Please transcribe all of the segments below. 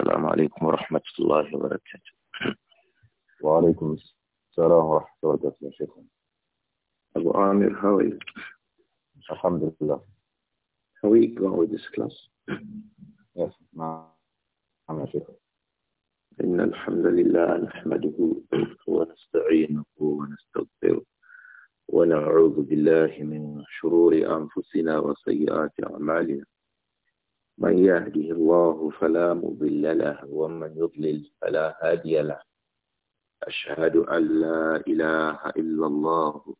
السلام عليكم ورحمة الله وبركاته وعليكم السلام ورحمة الله وبركاته شيخ أبو عامر how are you? Alhamdulillah. How are you going with this class? Yes, نعم إن الحمد لله نحمده ونستعينه ونستغفره ونعوذ بالله من شرور أنفسنا وسيئات أعمالنا من يهده الله فلا مضل له ومن يضلل فلا هادي له أشهد أن لا إله إلا الله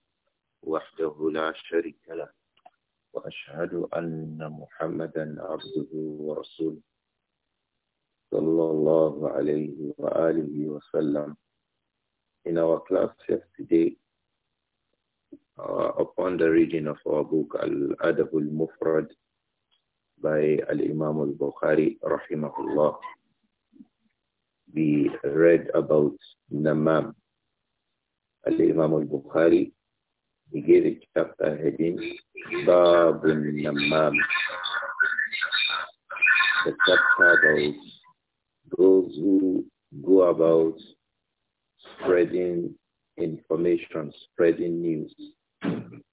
وحده لا شريك له وأشهد أن محمدا عبده ورسوله صلى الله عليه وآله وسلم In our class yesterday, uh, upon the reading of our book Al-Adab al-Mufrad, by Al-Imam al-Bukhari, rahimahullah. We read about Namam. Al-Imam al-Bukhari, he gave a chapter heading, Babun Namam. The chapter about those who go about spreading information, spreading news.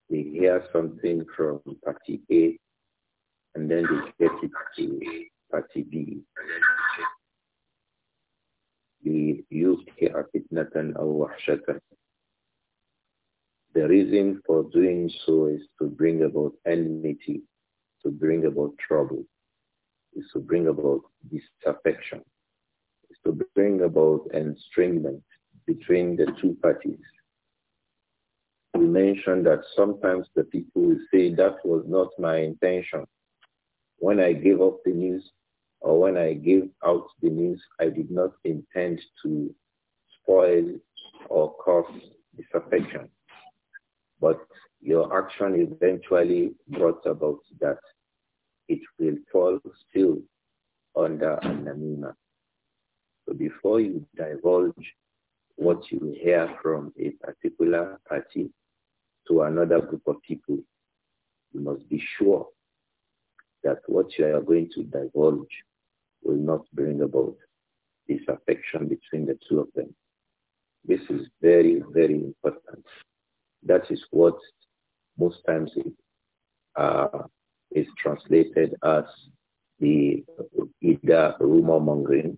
We hear something from party A and then they get it to party B. The reason for doing so is to bring about enmity, to bring about trouble, is to bring about disaffection, is to bring about estrangement between the two parties. We mentioned that sometimes the people will say, that was not my intention when I gave up the news or when I gave out the news, I did not intend to spoil or cause disaffection. But your action eventually brought about that it will fall still under Anamima. So before you divulge what you hear from a particular party to another group of people, you must be sure that what you are going to divulge will not bring about disaffection between the two of them. This is very, very important. That is what most times it, uh, is translated as the either rumor mongering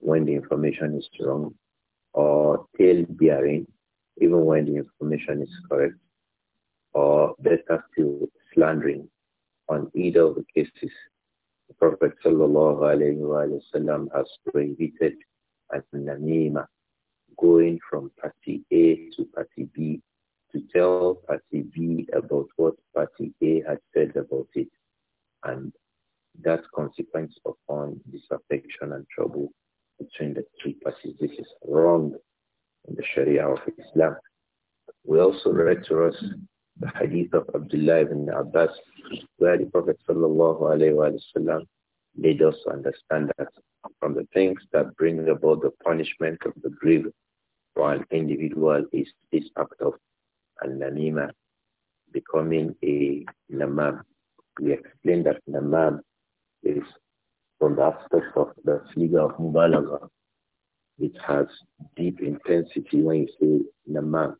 when the information is wrong or tail bearing even when the information is correct or better still slandering on either of the cases. The Prophet وسلم, has prohibited as namima, going from party A to party B to tell party B about what party A had said about it and that consequence upon disaffection and trouble between the three parties. This is wrong in the Sharia of Islam. We also read to us the hadith of Abdullah ibn Abbas, where the Prophet sallallahu alaihi wasallam made us understand that from the things that bring about the punishment of the grave for an individual is this act of al becoming a namam. We explained that namam is from the aspect of the figure of mubalagha. It has deep intensity when you say namam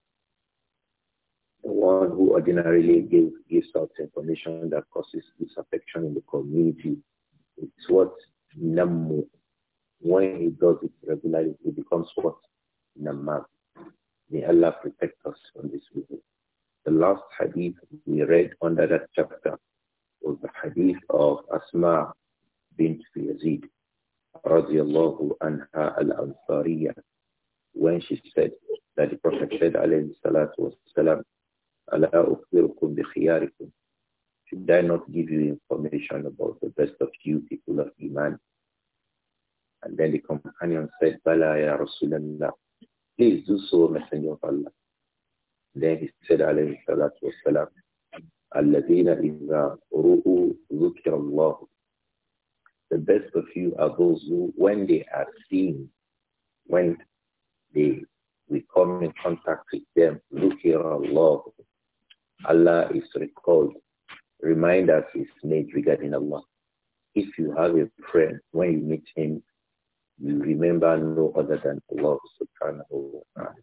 one who ordinarily gives, gives out information that causes disaffection in the community. It's what Namu. When he does it regularly, it becomes what? Namam. May Allah protect us from this evil. The last hadith we read under that chapter was the hadith of Asma bint Yazid radiallahu anha al-Ansariya when she said that the Prophet said alayhi salatu wasalam أُخْبِرُكُمْ بِخِيَارِكُمْ Should I not give you information about the best of you people of Iman? And then the companion said, Bala ya Rasulallah. Please do so, Messenger of Allah. Then he said, alayhi salatu wasalam, الَّذِينَ إِذَا رُؤُوا ذُكِرَ اللَّهُ The best of you are those who, when they are seen, when they we come in contact with them, ذُكِرَ اللَّهُ Allah is recalled. Remind us is made regarding Allah. If you have a friend, when you meet him, you remember no other than Allah subhanahu wa ta'ala.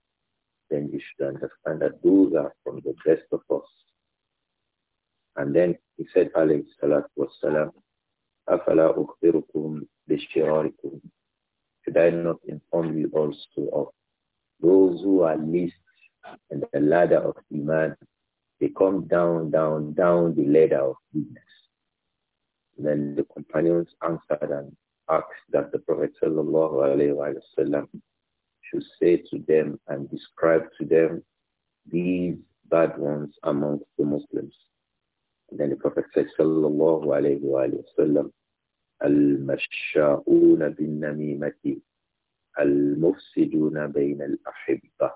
Then you should understand that those are from the best of us. And then he said, alayhi salatu wassalam, أَفَلَا أُخْبِرُكُمْ بِشِرَارِكُمْ Should I not inform you also of those who are least in the ladder of Iman they come down, down, down the ladder of goodness. Then the companions answered and asked that the Prophet wasallam should say to them and describe to them these bad ones amongst the Muslims. And then the Prophet said, Sallallahu alayhi Wasallam, Al-Masha'una bin-Namimati, Al-Mufsiduna bayna al-Ahibba,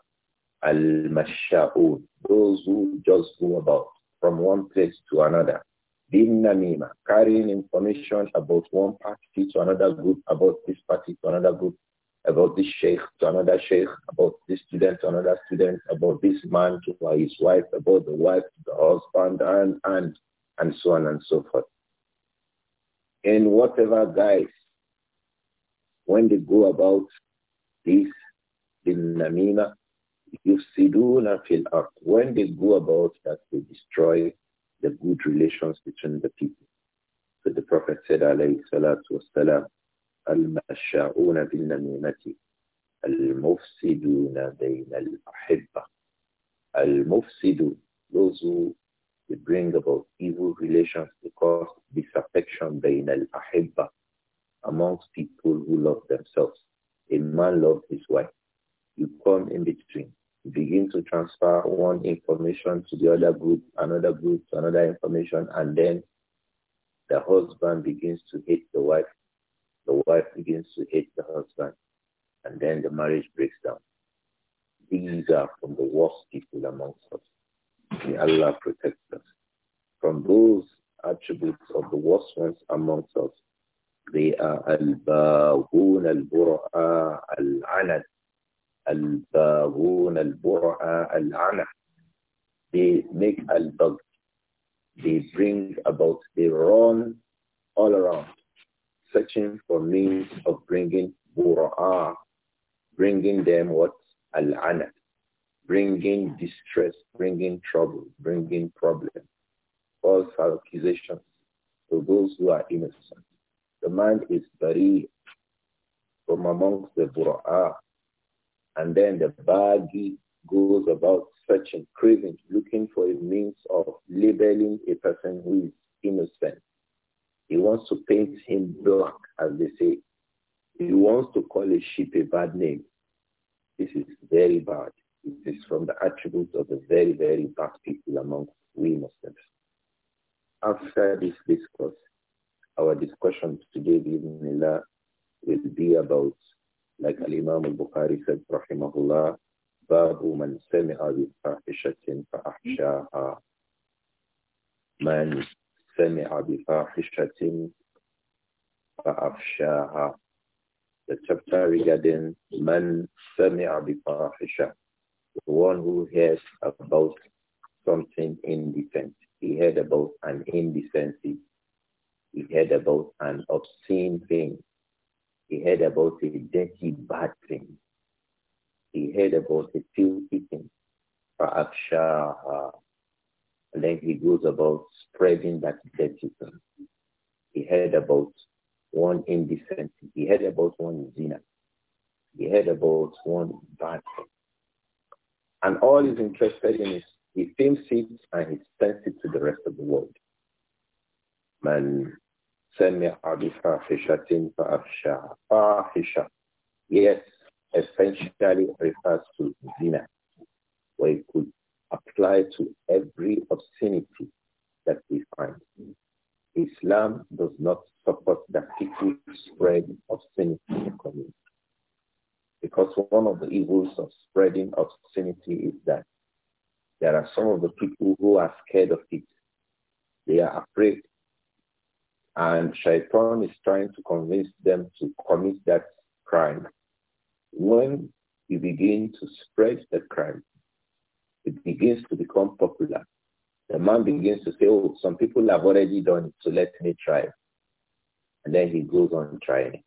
al-masha'un, those who just go about from one place to another. Bin namima, carrying information about one party to another group, about this party to another group, about this sheikh to another sheikh, about this student to another student, about this man to his wife, about the wife to the husband, and, and, and so on and so forth. And whatever guys, when they go about this, bin namima, يُفْسِدُونَ fil الْأَرْضِ When they go about that, they destroy the good relations between the people. So the Prophet said, alayhi salatu wasalam, المأشاؤون بالنميمة al بين al المفسدون those who they bring about evil relations because disaffection the الأحبة amongst people who love themselves a man loves his wife you come in between begin to transfer one information to the other group, another group to another information, and then the husband begins to hate the wife, the wife begins to hate the husband, and then the marriage breaks down. These are from the worst people amongst us. May Allah protect us. From those attributes of the worst ones amongst us, they are al-bawun al-bura'a al-anad, al the Al-Bur'a, Al-Ana. They make Al-Bagh. They bring about, the run all around, searching for means of bringing Bur'a, bringing them what? Al-Ana. Bringing distress, bringing trouble, bringing problems, false accusations to those who are innocent. The man is buried from amongst the Bur'a, and then the Bagi goes about searching, craving, looking for a means of labeling a person who is innocent. He wants to paint him black, as they say. He wants to call a sheep a bad name. This is very bad. It is from the attributes of the very, very bad people among we Muslims. After this discourse, our discussion today, Bismillah, will be about like Al-Imam al-Bukhari said, rahimahullah, Babu man sami'a bi fa'ahshaha. Man sami'a bi fahishatin The chapter regarding man sami'a bi fahisha. The one who hears about something indecent. He heard about an indecency. He heard about an obscene thing. He heard about a dirty, bad thing. He heard about a filthy thing. Fa'afshaha. And then he goes about spreading that dirty thing. He heard about one indecent. He heard about one zina. He heard about one bad thing. And all he's interested in is he films it and he sends it to the rest of the world. Man سَمِعَ بِفَاحِشَةٍ فَأَفْشَاهَا فَاحِشَةٍ Yes, essentially refers to zina, where it could apply to every obscenity that we find. Islam does not support that people spread obscenity in the community. Because one of the evils of spreading obscenity is that there are some of the people who are scared of it. They are afraid and Shaitan is trying to convince them to commit that crime. When you begin to spread the crime, it begins to become popular. The man begins to say, oh, some people have already done it, so let me try. And then he goes on trying.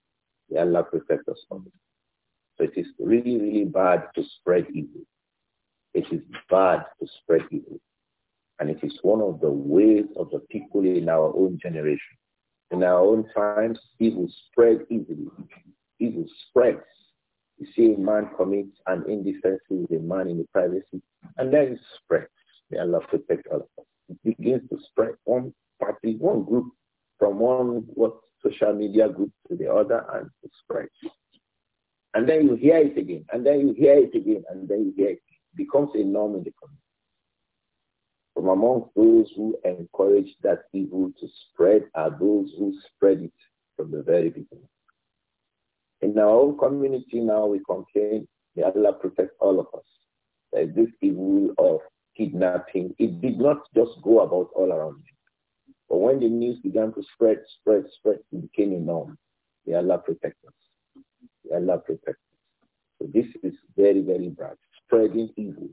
Allah protect us from it. So it is really, really bad to spread evil. It is bad to spread evil. And it is one of the ways of the people in our own generation. In our own times, evil spread easily. Evil spreads. You see a man commits an indecency with a man in the privacy, and then it spreads. May Allah protect all of us. It begins to spread one party, one group, from one what social media group to the other, and it spreads. And then you hear it again, and then you hear it again, and then you hear it. it becomes a norm in the community. From among those who encourage that evil to spread are those who spread it from the very beginning. In our own community now, we complain, may Allah protect all of us. That this evil of kidnapping. It did not just go about all around But when the news began to spread, spread, spread, it became a norm. May Allah protect us. May Allah protect us. So this is very, very bad. Spreading evil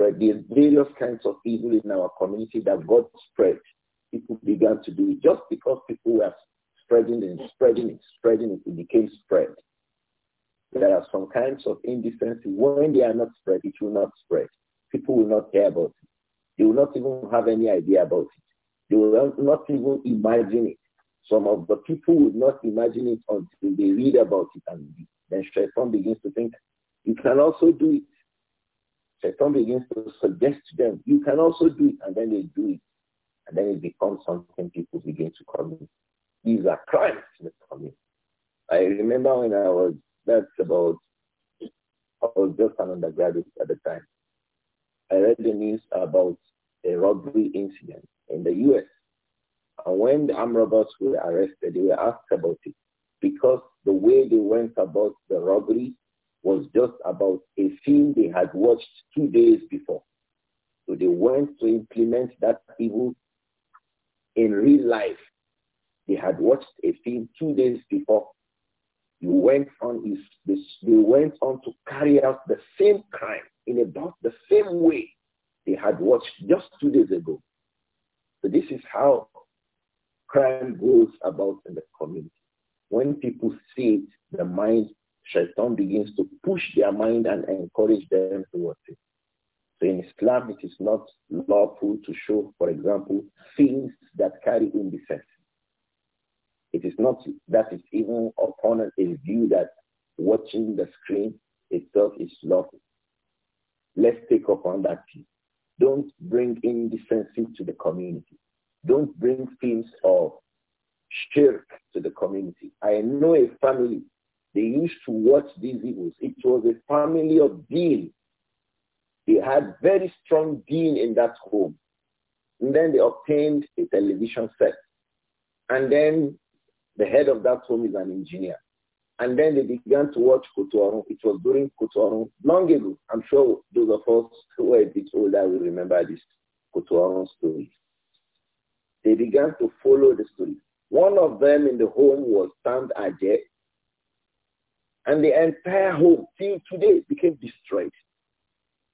spread are various kinds of evil in our community that got spread. People began to do it just because people were spreading and spreading and spreading it, it became spread. There are some kinds of indecency. When they are not spread, it will not spread. People will not care about it. They will not even have any idea about it. They will not even imagine it. Some of the people will not imagine it until they read about it and then Shaitan begins to think, you can also do it. Satan begins to suggest to them, you can also do it, and then they do it. And then it becomes something people begin to commit. These are crimes in the community. I remember when I was, that's about, I was just an undergraduate at the time. I read the news about a robbery incident in the U.S. And when the armed robbers were arrested, they were asked about it because the way they went about the robbery was just about a film they had watched two days before. So they went to implement that evil in real life. They had watched a film two days before. You went on Is they went on to carry out the same crime in about the same way they had watched just two days ago. So this is how crime goes about in the community. When people see it, the mind Shaitan begins to push their mind and encourage them towards it. So in Islam, it is not lawful to show, for example, things that carry indecency. It is not that it's even upon a view that watching the screen itself is lawful. Let's take up on that key. Don't bring indecency to the community. Don't bring things of shirk to the community. I know a family they used to watch these evils. It was a family of deen. They had very strong deen in that home. And then they obtained a television set. And then the head of that home is an engineer. And then they began to watch Kotoron. It was during Kotoron, long ago. I'm sure those of us who are a bit older will remember this Kotoron story. They began to follow the story. One of them in the home was Sam Ajay, and the entire home till today became destroyed.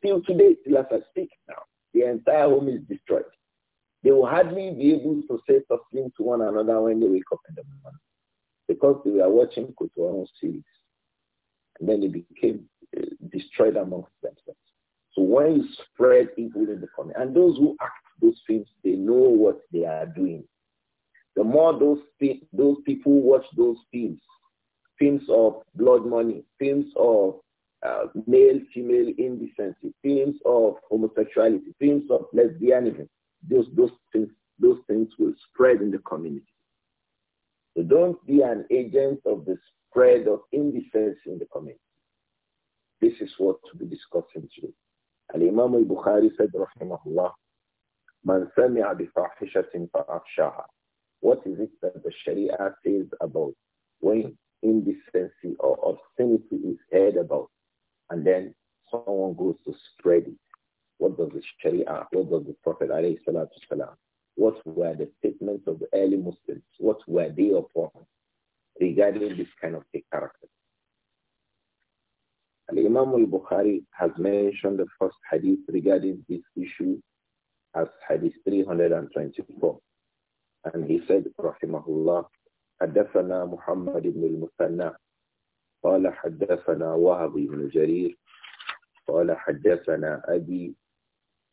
Till today, till as I speak now, the entire home is destroyed. They will hardly be able to say something to one another when they wake up in the morning because they were watching Kotoron series. And then they became uh, destroyed amongst themselves. So when you spread evil in the community, and those who act those films, they know what they are doing. The more those, those people watch those films, themes of blood money, themes of uh, male-female indecency, themes of homosexuality, themes of lesbianism. Those, those, things, those things will spread in the community. So don't be an agent of the spread of indecency in the community. This is what we're discussing today. Al-Imam al-Bukhari said, rahimahullah, man sami'a bi-fahishatin fa'afshaha. What is it that the Sharia says about when indecency or obscenity is heard about, and then someone goes to spread it. What does the Sharia, what does the Prophet والسلام, what were the statements of the early Muslims, what were they upon regarding this kind of a character? Al-Imam al-Bukhari has mentioned the first hadith regarding this issue as hadith 324. And he said, Rahimahullah, حدثنا محمد بن المثنى قال حدثنا وهب بن جرير قال حدثنا أبي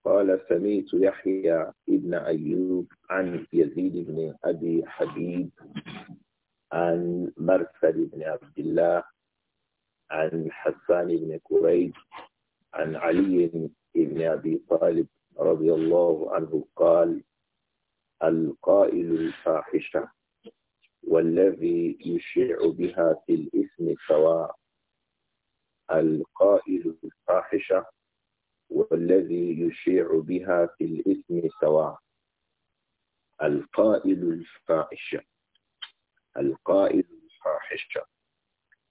قال سمعت يحيى بن أيوب عن يزيد بن أبي حبيب عن مرثد بن عبد الله عن حسان بن كريج عن علي بن أبي طالب رضي الله عنه قال القائل الفاحشة والذي يشيع بها في الإثم سواء القائل الفاحشة والذي يشيع بها في الإثم سواء القائل الفاحشة القائل الفاحشة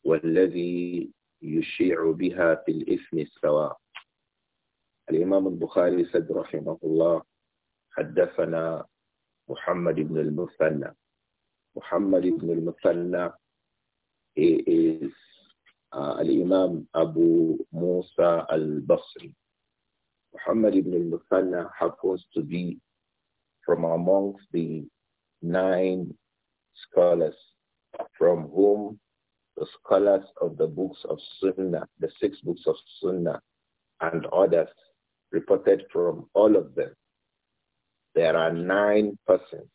والذي يشيع بها في الإثم سواء الإمام البخاري سد رحمه الله حدثنا محمد بن المثنى Muhammad ibn al-Musanna is uh, al-Imam Abu Musa al-Basri. Muhammad ibn al-Musanna happens to be from amongst the nine scholars from whom the scholars of the books of Sunnah, the six books of Sunnah and others reported from all of them. There are nine persons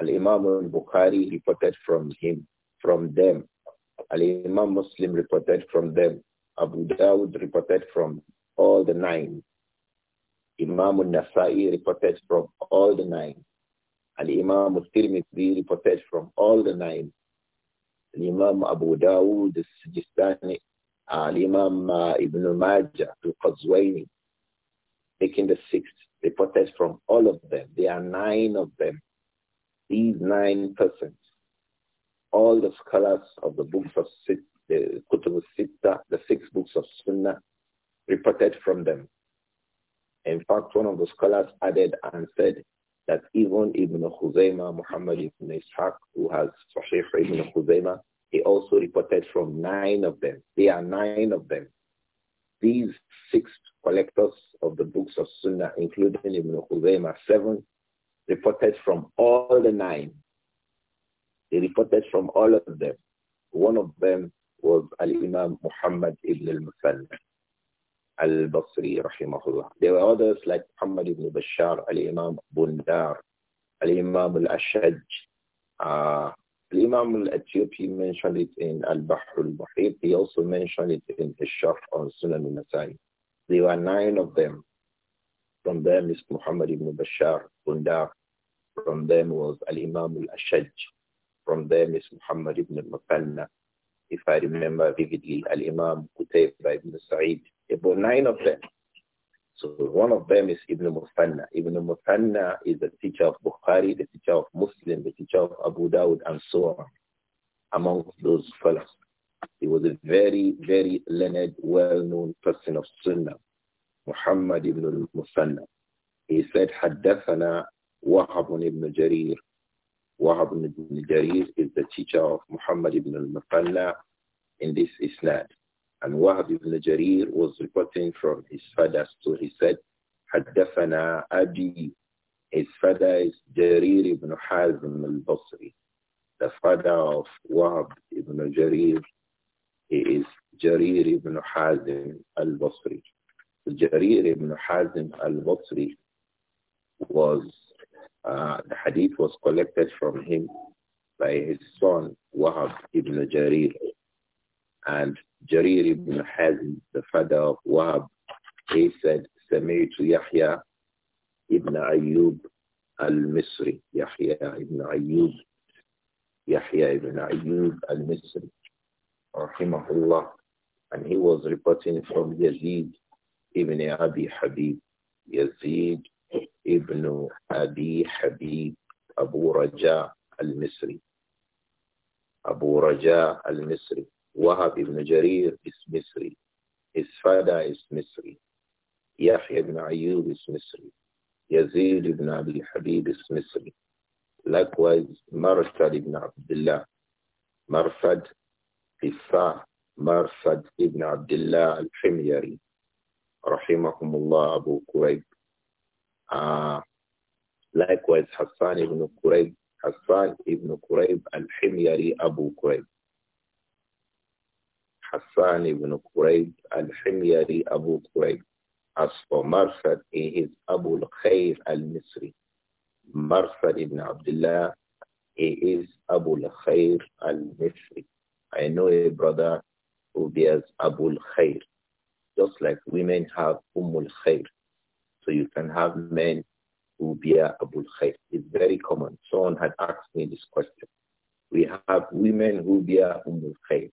Al-Imam al-Bukhari reported from him, from them. Al-Imam Muslim reported from them. Abu Dawud reported from all the nine. Imam nasai reported from all the nine. Al-Imam al-Tirmidhi reported from all the nine. Al-Imam Abu Dawud sijistani Al-Imam uh, Ibn Majah al-Qazwaini, making the sixth, reported from all of them. There are nine of them. These nine persons, all the scholars of the books of the Kutub Sitta, the six books of Sunnah, reported from them. In fact, one of the scholars added and said that even Ibn Khuzaymah, Muhammad Ibn Ishaq, who has Sahih Ibn Khuzaymah, he also reported from nine of them. There are nine of them. These six collectors of the books of Sunnah, including Ibn Khuzaymah, seven, reported from all the nine. They reported from all of them. One of them was Al-Imam Muhammad ibn al-Musanna al-Basri, rahimahullah. There were others like Muhammad ibn Bashar, Al-Imam Bundar, Al-Imam al-Ashaj. Uh, Al-Imam al-Ethiopi mentioned it in Al-Bahr al-Bahib. He also mentioned it in his Sharf on Sunan al-Nasai. There were nine of them. From them is Muhammad ibn Bashar, Bundar, from them was Al-Imam al-Ashaj. From them is Muhammad ibn al If I remember vividly, Al-Imam Qutayba ibn Sa'id. About nine of them. So one of them is Ibn Mufanna. Ibn Mufanna is the teacher of Bukhari, the teacher of Muslim, the teacher of Abu Dawud, and so on, among those fellows. He was a very, very learned, well-known person of Sunnah, Muhammad ibn Mufanna. musanna He said, حدثنا Wahab ibn Jarir. Wahab ibn Jarir is the teacher of Muhammad ibn al-Muqanna in this Isnad. And Wahab ibn Jarir was reporting from his father, so he said, حدثنا Abi, His father is Jarir ibn Hazm al-Basri. The father of Wahab ibn Jarir he is Jarir ibn Hazm al-Basri. Jarir ibn Hazm al-Basri was uh, the hadith was collected from him by his son Wahab ibn Jarir and Jarir ibn Hazm, the father of Wahab. He said, al-Yahya ibn ابن al-Misri, Yahya ibn أيوب Yahya ibn أيوب al-Misri, rahimahullah," and he was reporting from Yazid ibn Abi Habib Yazid ابن أبي حبيب أبو رجاء المصري أبو رجاء المصري وهب بن جرير اسم مصري إسفادة اسم مصري يحيى بن أيوب اسم مصري يزيد بن أبي حبيب اسم مصري likewise مرشد بن عبد الله مرثد بالفاء مرشد بن عبد الله الحميري رحمهم الله أبو كريب Uh, likewise, Hassan ibn Qurayb, Hassan ibn Qurayb al-Himyari Abu Qurayb. Hassan ibn Qurayb al-Himyari Abu Qurayb. As for Marsad, in his Abu al Khair al-Misri. Marsad ibn Abdullah, he is Abu al Khair al-Misri. I know a brother who bears Abu al Khair, just like women have Umm al Khair. So you can have men who bear Abul Khair. It's very common. Someone had asked me this question. We have women who bear Umul Khair.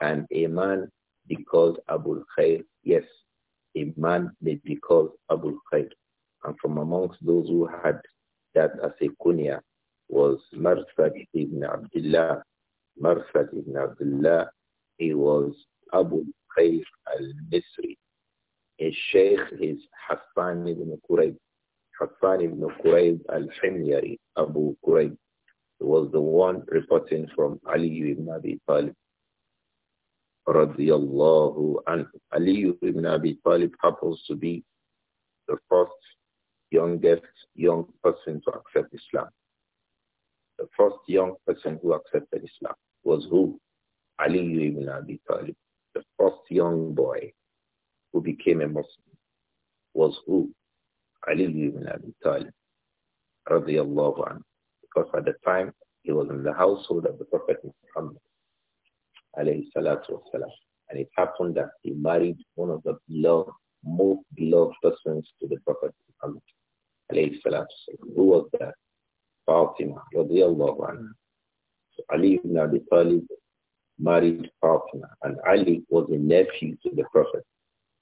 And a man be called Abul Khair. Yes, a man may be called Abul Khair. And from amongst those who had that as a kunya was Marsad ibn Abdullah. Marsad ibn Abdullah, he was Abu Khair al-Misri. His sheikh his Hassan ibn Qurayb. Hassan ibn Qurayb al-Himyari, Abu Qurayb. was the one reporting from Ali ibn Abi Talib. Radiallahu anhu. Ali ibn Abi Talib happens to be the first youngest young person to accept Islam. The first young person who accepted Islam was who? Ali ibn Abi Talib, the first young boy who became a Muslim was who? Ali ibn Abi Talib, radiallahu anhu. Because at the time, he was in the household of the Prophet Muhammad, alayhi salatu wasalam. And it happened that he married one of the beloved, most beloved persons to the Prophet Muhammad, alayhi salatu wasalam. Who was that? Fatima, radiallahu anha. So Ali ibn Abi Talib married Fatima, and Ali was a nephew to the Prophet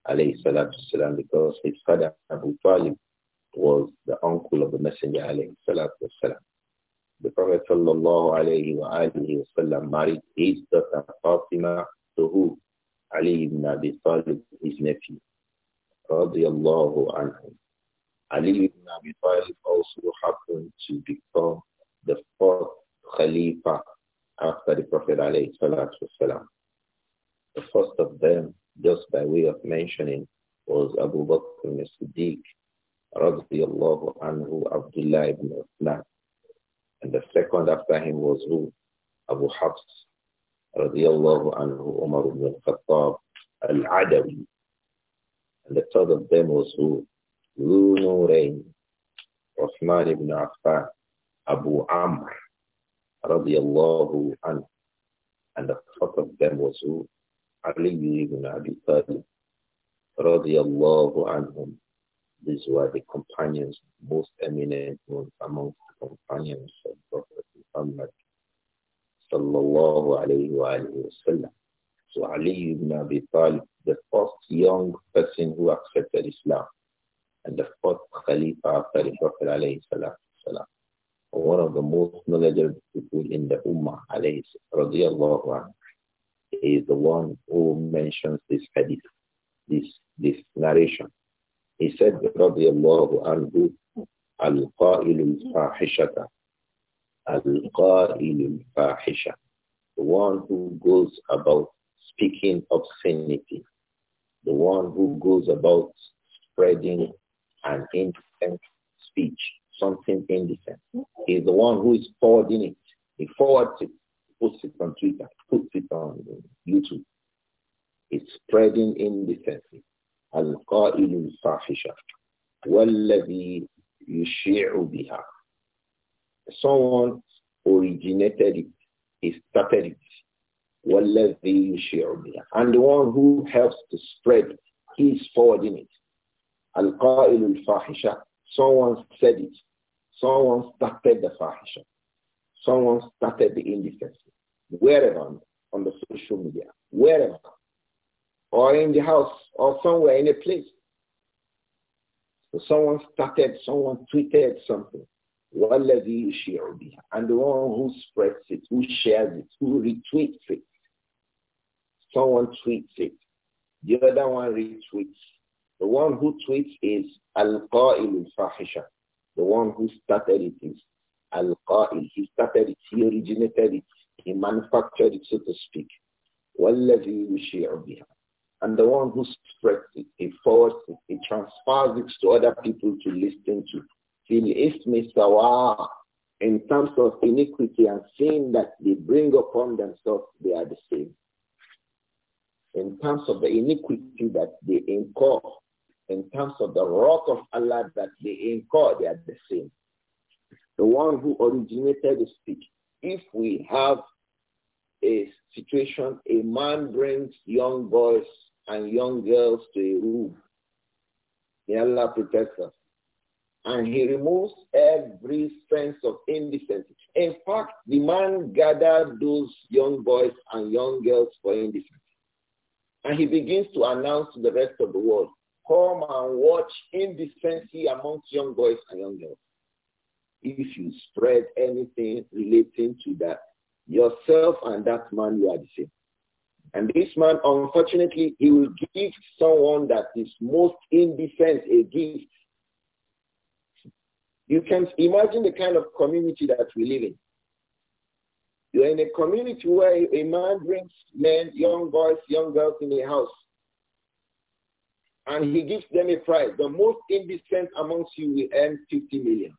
alayhi salatu salam because his father, Abu Talib, was the uncle of the Messenger, alayhi salatu wasalam. The Prophet sallallahu alayhi wa alihi wasallam married his daughter Fatima to who? Ali ibn Abi Talib, his nephew, radiallahu anhu. Ali ibn Abi Talib also happened to become the fourth Khalifa after the Prophet alayhi salatu wasalam. The first of them just by way of mentioning, was Abu Bakr as-Siddiq, radiallahu anhu, Abdullah ibn Uthman. And the second after him was who? Abu Hafs, radiallahu anhu, Umar ibn al-Khattab, al-Adawi. And the third of them was who? Lu Nurayn, Uthman ibn Affan, Abu Amr, radiallahu anhu. And the fourth of them was who? Ali ibn Abi Talib, radiallahu anhum. These were the companions, most eminent ones among the companions of Prophet Muhammad, sallallahu alayhi wa, alayhi wa sallam. So Ali ibn Abi Talib, the first young person who accepted Islam, and the first Khalifa after the Prophet alayhi salam, one of the most knowledgeable people in the Ummah alayhi radiallahu anhu is the one who mentions this hadith, this, this narration. He said, رضي الله عنه القائل الفاحشة القائل الفاحشة the one who goes about speaking obscenity, the one who goes about spreading an indecent speech, something indecent, is the one who is forwarding it. He forwards it post it on Twitter, post it on YouTube. It's spreading indecency. القائل الفاحشة والذي يشيع بها. Someone originated it, he started it. والذي يشيع بها. And the one who helps to spread, it, he is forwarding it. القائل الفاحشة. Someone said it. Someone started the fahisha. Someone started the indecency, wherever, on the social media, wherever, or in the house, or somewhere in a place. So someone started, someone tweeted something. And the one who spreads it, who shares it, who retweets it. Someone tweets it. The other one retweets. The one who tweets is al al fahisha. The one who started it is he started it, he originated it, he manufactured it, so to speak. وَالَّذِي يُشِيعُ بِهَا And the one who spreads it, he forwards it, he transfers it to other people to listen to. فِي الْإِثْمِ سَوَاءٍ In terms of iniquity and sin that they bring upon themselves, they are the same. In terms of the iniquity that they incur, in terms of the wrath of Allah that they incur, they are the same the one who originated the speech. If we have a situation, a man brings young boys and young girls to a room, may Allah protect us. And he removes every sense of indecency. In fact, the man gathered those young boys and young girls for indecency. And he begins to announce to the rest of the world, come and watch indecency amongst young boys and young girls if you spread anything relating to that, yourself and that man, you are the same. And this man, unfortunately, he will give someone that is most indecent a gift. You can imagine the kind of community that we live in. You're in a community where a man brings men, young boys, young girls in a house. And he gives them a prize. The most indecent amongst you will earn 50 million.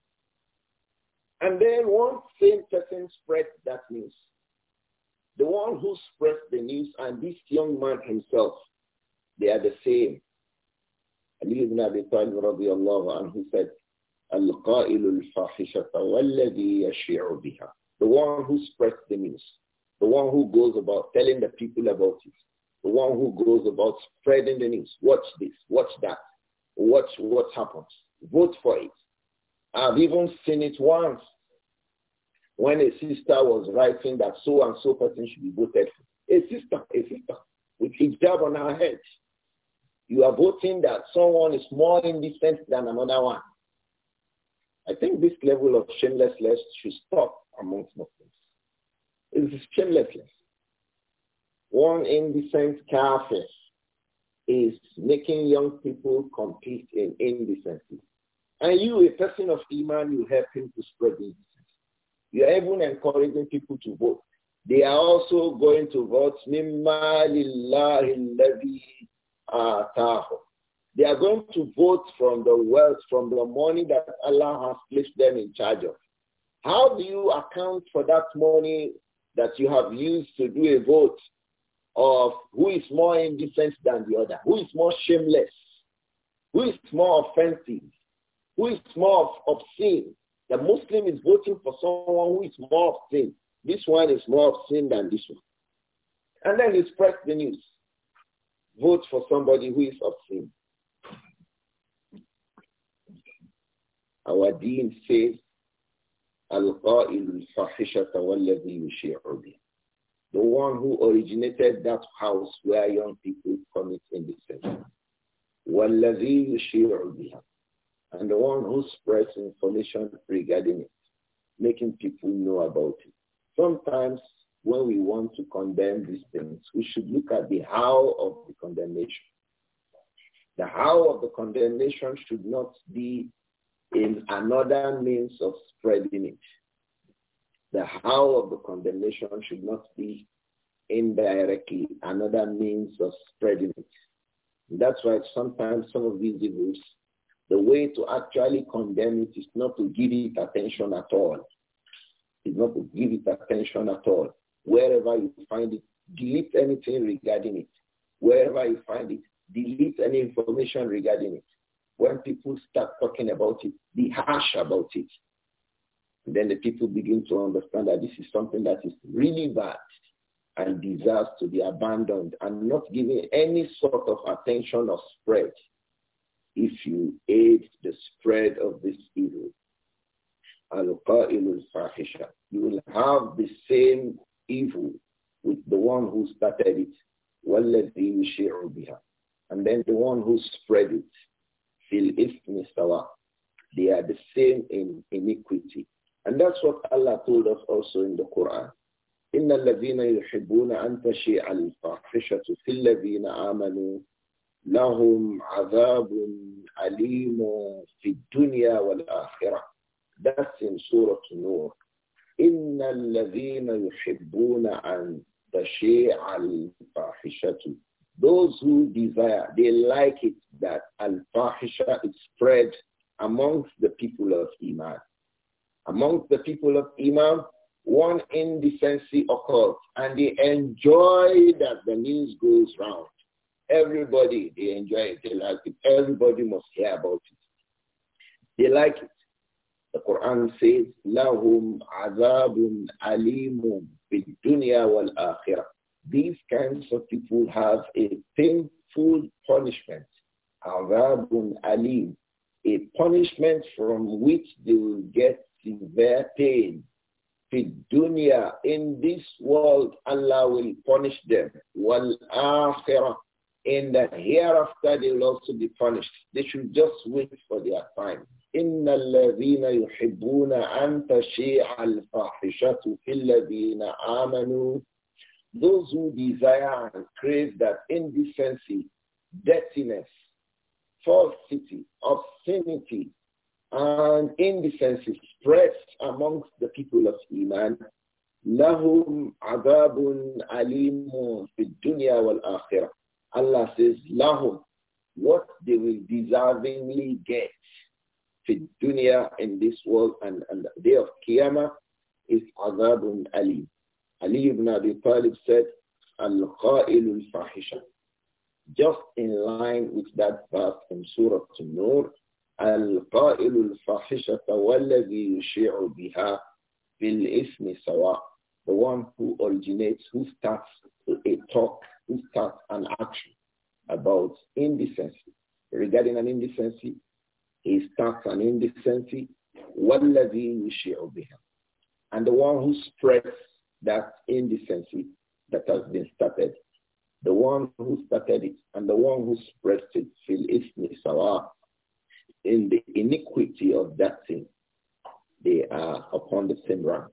And then one same person spread that news. The one who spreads the news and this young man himself, they are the same. Ali ibn Abi Talib radiallahu anhu said, القائل الفاحشة والذي يشيع بها. The one who spreads the news. The one who goes about telling the people about it. The one who goes about spreading the news. Watch this, watch that. Watch what happens. Vote for it. I've even seen it once when a sister was writing that so and so person should be voted for. A sister, a sister, with hijab on her head. You are voting that someone is more indecent than another one. I think this level of shamelessness should stop amongst Muslims. It is shamelessness. One indecent kafir is making young people compete in indecency. And you, a person of Iman, you help him to spread the disease. You are even encouraging people to vote. They are also going to vote. They are going to vote from the wealth, from the money that Allah has placed them in charge of. How do you account for that money that you have used to do a vote of who is more indecent than the other? Who is more shameless? Who is more offensive? Who is more obscene? The Muslim is voting for someone who is more obscene. This one is more obscene than this one. And then he spreads the news. Vote for somebody who is obscene. Our dean says, al al wal the one who originated that house where young people commit indecency. وَالَّذِي يُشِيعُ and the one who spreads information regarding it, making people know about it. Sometimes when we want to condemn these things, we should look at the how of the condemnation. The how of the condemnation should not be in another means of spreading it. The how of the condemnation should not be indirectly another means of spreading it. That's why sometimes some of these evils the way to actually condemn it is not to give it attention at all. Is not to give it attention at all. Wherever you find it, delete anything regarding it. Wherever you find it, delete any information regarding it. When people start talking about it, be harsh about it. And then the people begin to understand that this is something that is really bad and deserves to be abandoned and not given any sort of attention or spread if you aid the spread of this evil. al Fahisha. You will have the same evil with the one who started it. وَالَّذِي And then the one who spread it. فِي They are the same in iniquity. And that's what Allah told us also in the Quran. إِنَّ الَّذِينَ يُحِبُّونَ أَن تَشِيعَ الْفَاحِشَةُ فِي الَّذِينَ آمَنُوا لهم عذاب أليم في الدنيا والآخرة That's in Surah Nur. إن الذين يحبون أن تشيع الفاحشة Those who desire, they like it that al-fahisha is spread amongst the people of Iman. Amongst the people of Iman, one indecency occurs and they enjoy that the news goes round. Everybody, they enjoy it. They like it. Everybody must hear about it. They like it. The Quran says, لَهُمْ عَذَابٌ عَلِيمٌ فِي الدُّنْيَا وَالْآخِرَةِ These kinds of people have a painful punishment. عَذَابٌ alim, A punishment from which they will get severe pain. فِي الدُّنْيَا In this world, Allah will punish them. وَالْآخِرَةِ in the hereafter, they will also be punished. They should just wait for their time. إن الذين يحبون أن تشيع الفاحشة في الذين آمنوا Those who desire and crave that indecency, dirtiness, falsity, obscenity, and indecency spreads amongst the people of Iman, لهم عذاب أليم في الدنيا والآخرة Allah says, lahum, what they will deservingly get for dunya in this world and, and the day of Qiyamah is azabun Ali. Ali ibn Abi Talib said, al-qailul fahisha. Just in line with that verse in Surah An-Nur, al-qailul fahisha walladhi yushi'u biha bil ismi sawa. The one who originates, who starts a talk starts an action about indecency. Regarding an indecency, he starts an indecency, And the one who spreads that indecency that has been started, the one who started it and the one who spreads it, fil ismi in the iniquity of that thing, they are upon the same rank.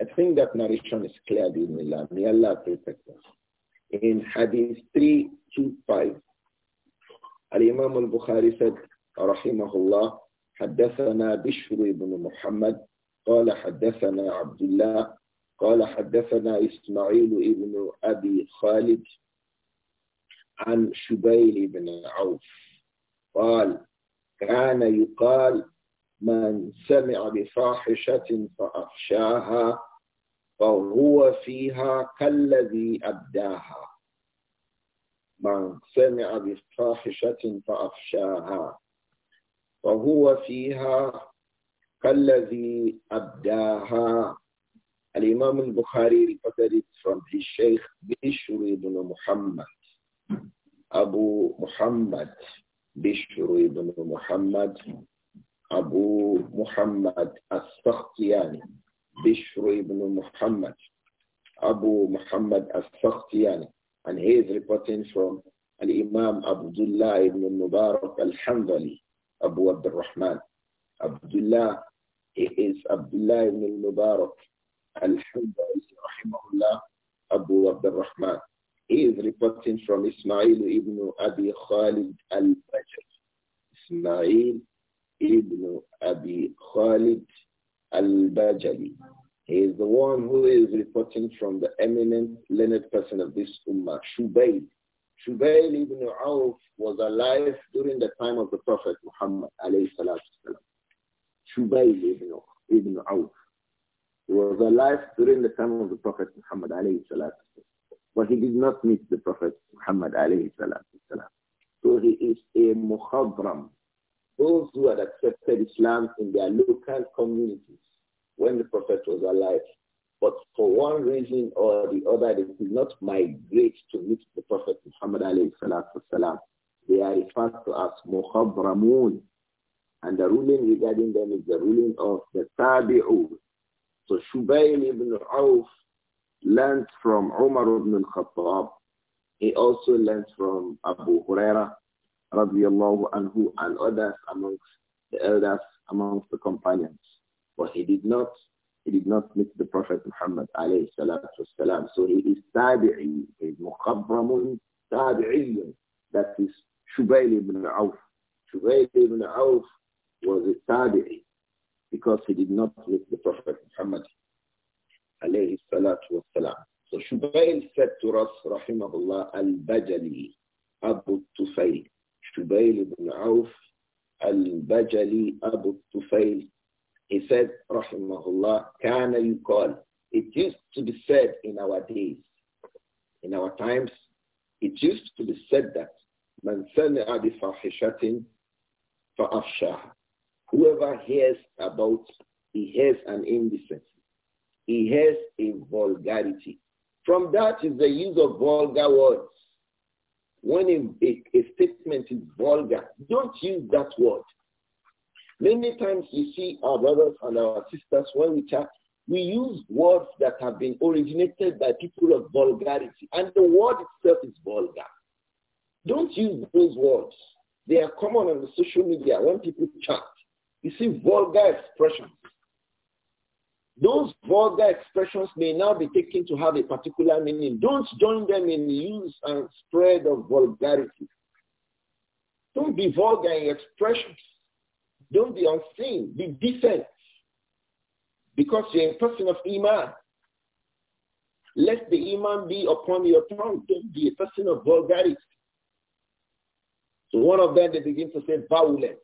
I think that narration is clear, May Allah protect us. in Hadith 325. al-Bukhari said رحمه الله حدثنا بشر بن محمد قال حدثنا عبد الله قال حدثنا إسماعيل بن أبي خالد عن شبيل بن عوف قال كان يقال من سمع بفاحشة فأفشاها فهو فيها كالذي أبداها من سمع بفاحشة فأفشاها فهو فيها كالذي أبداها الإمام البخاري reported from his Sheikh بشر بن محمد أبو محمد بشر بن محمد أبو محمد السختياني Bishr ibn Muhammad, Abu Muhammad al-Sakhtiyani. And he is reporting from Al-Imam Abdullah ibn Mubarak al-Handali, Abu al-Rahman Abdullah, he is Abdullah ibn Mubarak al-Handali, rahimahullah, Abu al-Rahman. He is reporting from Ismail ibn Abi Khalid al-Bajr. Ismail ibn Abi Khalid al-Bajali. He is the one who is reporting from the eminent learned person of this ummah, Shubayl. Shubayl ibn Awf was alive during the time of the Prophet Muhammad alayhi salatu Shubayl ibn, ibn was alive during the time of the Prophet Muhammad alayhi salatu But he did not meet the Prophet Muhammad alayhi salatu So he is a muhadram. Those who had accepted Islam in their local community when the Prophet was alive. But for one reason or the other, they did not migrate to meet the Prophet Muhammad alayhi They are referred to as muhabramun. And the ruling regarding them is the ruling of the tabi'un. So Shubayl ibn Auf learned from Umar ibn al-Khattab. He also learned from Abu Huraira radiallahu anhu and others amongst the elders, amongst the companions. But he did not he did not meet the Prophet Muhammad alayhi salatu So he is tabi'i, he is muqabramun tabi'i. That is Shubayl ibn Auf. Shubayl ibn Auf was a tabi'i because he did not meet the Prophet Muhammad alayhi salatu wasalam. So Shubayl said to us, rahimahullah, al-bajali, Abu Tufayl. Shubayl ibn Auf, al-bajali, Abu Tufayl, he said, Rahimahullah, Kana It used to be said in our days, in our times, it used to be said that من سمع bi fahishatin Whoever hears about, he hears an indecency. He hears a vulgarity. From that is the use of vulgar words. When a, a, a statement is vulgar, don't use that word. Many times you see our brothers and our sisters when we chat, we use words that have been originated by people of vulgarity, and the word itself is vulgar. Don't use those words. They are common on the social media when people chat. You see vulgar expressions. Those vulgar expressions may now be taken to have a particular meaning. Don't join them in the use and spread of vulgarity. Don't be vulgar in expressions. Don't be unseen. Be decent. Because you're a person of Iman. Let the Iman be upon your tongue. Don't be a person of vulgarity. So one of them, they begin to say violence.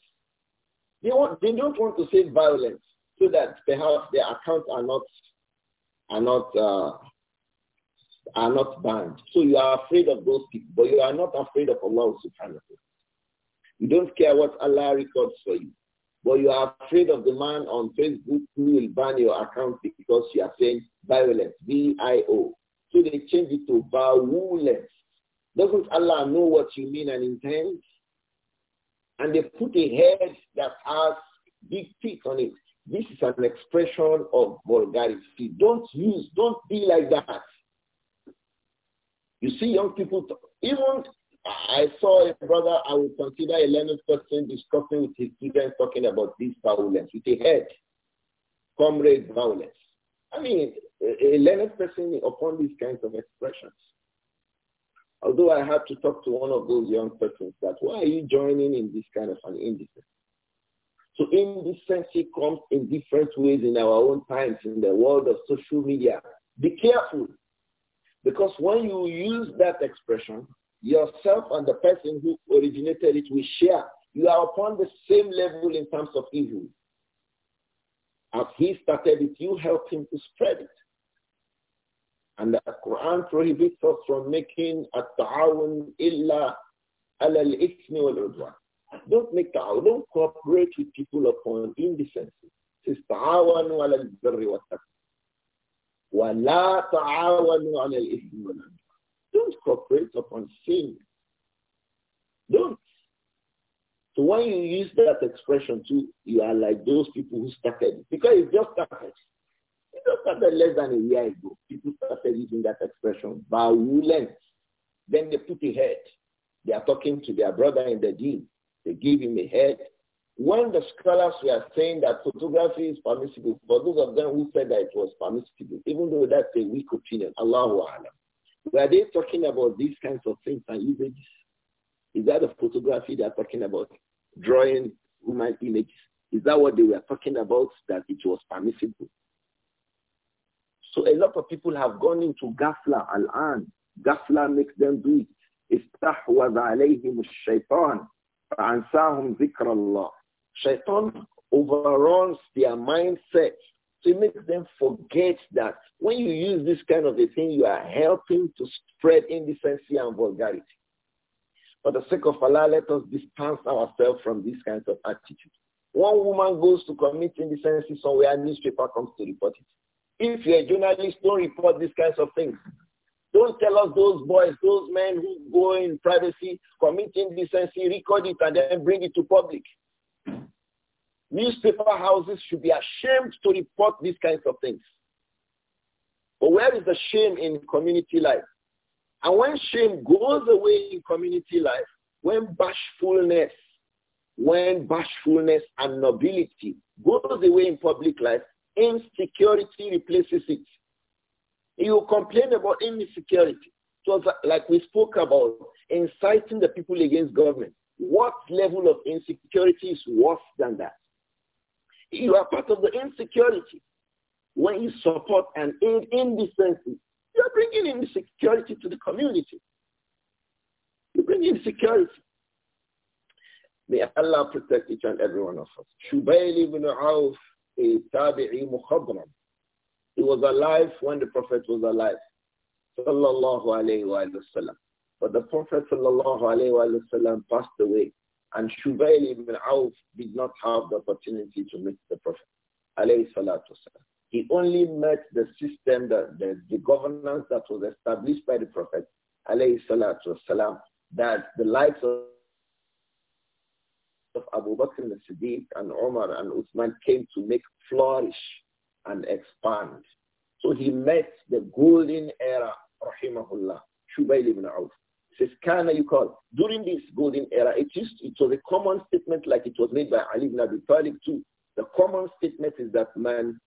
They, want, they don't want to say violence so that perhaps their accounts are not, are not, uh, are not banned. So you are afraid of those people, but you are not afraid of Allah subhanahu wa ta'ala. You don't care what Allah records for you. But you are afraid of the man on Facebook who will ban your account because you are saying violence, V-I-O. So they change it to violence. Doesn't Allah know what you mean and intend? And they put a head that has big teeth on it. This is an expression of vulgarity. Don't use, don't be like that. You see young people, even I saw a brother I would consider a learned person discussing with his students talking about this violence with a head, comrade violence. I mean, a, learned person upon these kinds of expressions. Although I had to talk to one of those young persons that why are you joining in this kind of an indecent? So indecency comes in different ways in our own times in the world of social media. Be careful because when you use that expression, Yourself and the person who originated it will share. You are upon the same level in terms of evil. As he started it, you help him to spread it. And the Quran prohibits us from making a ta'awun illa al-ithmi wal Don't make ta'awun. Don't cooperate with people upon indecency. It's ta'awun ala al-birri wa taqwa. Don't cooperate upon sin. Don't. So when you use that expression too, you are like those people who started it. Because it just started. It just started less than a year ago. People started using that expression. Bawulent. Then they put a head. They are talking to their brother in the deen. They give him a head. When the scholars were saying that photography is permissible, for those of them who said that it was permissible, even though that's a weak opinion, Allahu Alam. Were they talking about these kinds of things and images? Is that the photography they are talking about? Drawing human images. Is that what they were talking about, that it was permissible? So a lot of people have gone into gafla al-an. Gafla makes them do it. استحوذ عليهم الشيطان فأنساهم ذكر Shaitan overruns their mindset so it makes them forget that when you use this kind of a thing, you are helping to spread indecency and vulgarity. For the sake of Allah, let us distance ourselves from these kinds of attitudes. One woman goes to commit indecency somewhere, a newspaper comes to report it. If you're a journalist, don't report these kinds of things. Don't tell us those boys, those men who go in privacy, commit indecency, record it, and then bring it to public. Newspaper houses should be ashamed to report these kinds of things. But where is the shame in community life? And when shame goes away in community life, when bashfulness, when bashfulness and nobility goes away in public life, insecurity replaces it. You complain about insecurity. So like we spoke about, inciting the people against government. What level of insecurity is worse than that? You are part of the insecurity. When you support and aid indecency, you are bringing insecurity to the community. You bring insecurity. May Allah protect each and every one of us. Shubayl ibn Auf, a tabi'i mukhadram. He was alive when the Prophet was alive. Sallallahu alayhi wa sallam. But the Prophet sallallahu alayhi wa sallam passed away. And Shubayl ibn Auf did not have the opportunity to meet the Prophet. He only met the system, that, the, the governance that was established by the Prophet والسلام, that the likes of, of Abu Bakr and Siddiq and Omar and Uthman came to make flourish and expand. So he met the golden era, rahimahullah, Shubayl ibn Auf says, Kana you call. During this golden era, it, used, it was a common statement like it was made by Ali ibn Abi Talib too. The common statement is that man,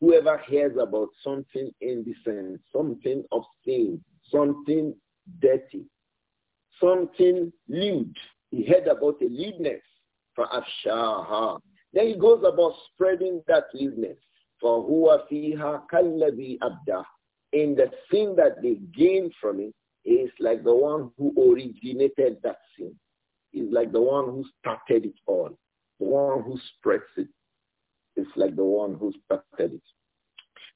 whoever hears about something indecent, something obscene, something dirty, something lewd, he heard about a lewdness, فَأَفْشَاهَا Then he goes about spreading that lewdness. فَهُوَ فِيهَا كَالَّذِي أَبْدَاهَا in the sin that they gain from it is like the one who originated that sin. Is like the one who started it all. The one who spreads it is like the one who started it.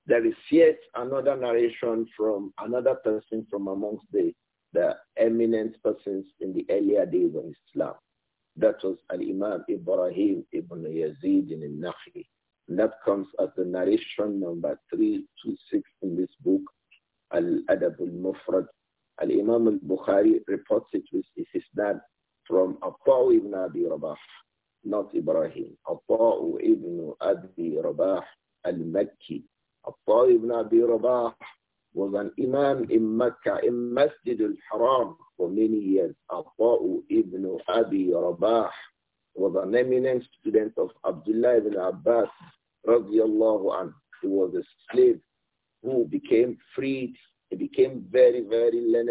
There is yet another narration from another person from amongst the, the eminent persons in the earlier days of Islam. That was Al-Imam Ibrahim ibn Yazid in al-Nakhli that comes as the narration number 326 in this book, Al-Adab al-Mufrad. Al-Imam al-Bukhari reports it with his dad from Abu ibn Abi Rabah, not Ibrahim. Abu ibn Abi Rabah al-Makki. Abu ibn Abi Rabah was an imam in Mecca, in Masjid al-Haram for many years. Abu ibn Abi Rabah was an eminent student of Abdullah ibn Abbas radiallahu anhu, he was a slave who became freed. He became very, very learned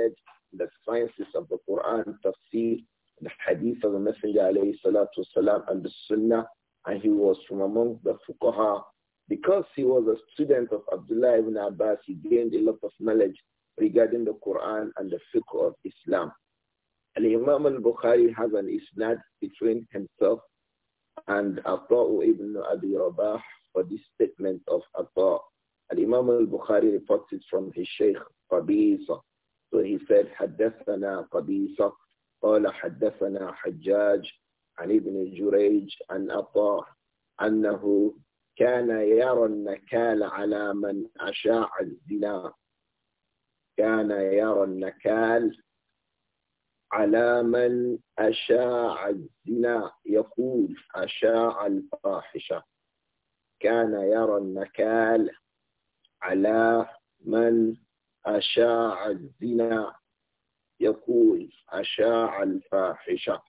in the sciences of the Quran, tafsir, the hadith of the Messenger alayhi salatu salam, and the sunnah. And he was from among the fuqaha. Because he was a student of Abdullah ibn Abbas, he gained a lot of knowledge regarding the Quran and the fiqh of Islam. And imam al-Bukhari has an isnad between himself and Abdullah ibn Abi Rabah for this statement of Atta. Al-Imam al-Bukhari reports it from his Sheikh Qabisa. So he said, حدثنا قبيصة قال حدثنا حجاج عن ابن جريج عن أطاع أنه كان يرى النكال على من أشاع الزنا كان يرى النكال على من أشاع الزنا يقول أشاع الفاحشة كان يرى النكال على من أشاع الزنا يقول أشاع الفاحشة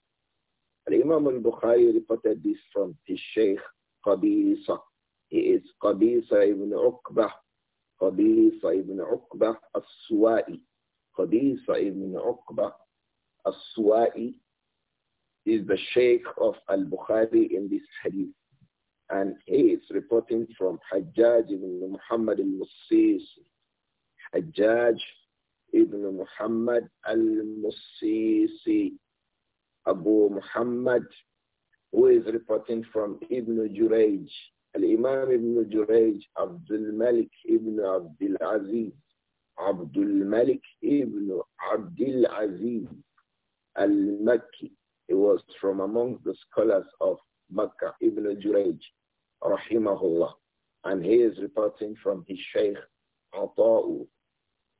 الإمام البخاري reported this from his Sheikh قبيصة he is قبيصة ابن عقبة قبيصة ابن عقبة السوائي قبيصة ابن عقبة السوائي is the Sheikh of Al-Bukhari in this hadith and he is reporting from Hajjaj ibn Muhammad al-Musisi. Hajjaj ibn Muhammad al-Musisi. Abu Muhammad, who is reporting from Ibn Juraj. Al-Imam Ibn Juraj, Abdul Malik ibn Abdul Aziz. Abdul Malik ibn Abdul Aziz al-Makki. He was from among the scholars of Makkah, Ibn Juraj rahimahullah. And he is reporting from his Shaykh Ata'u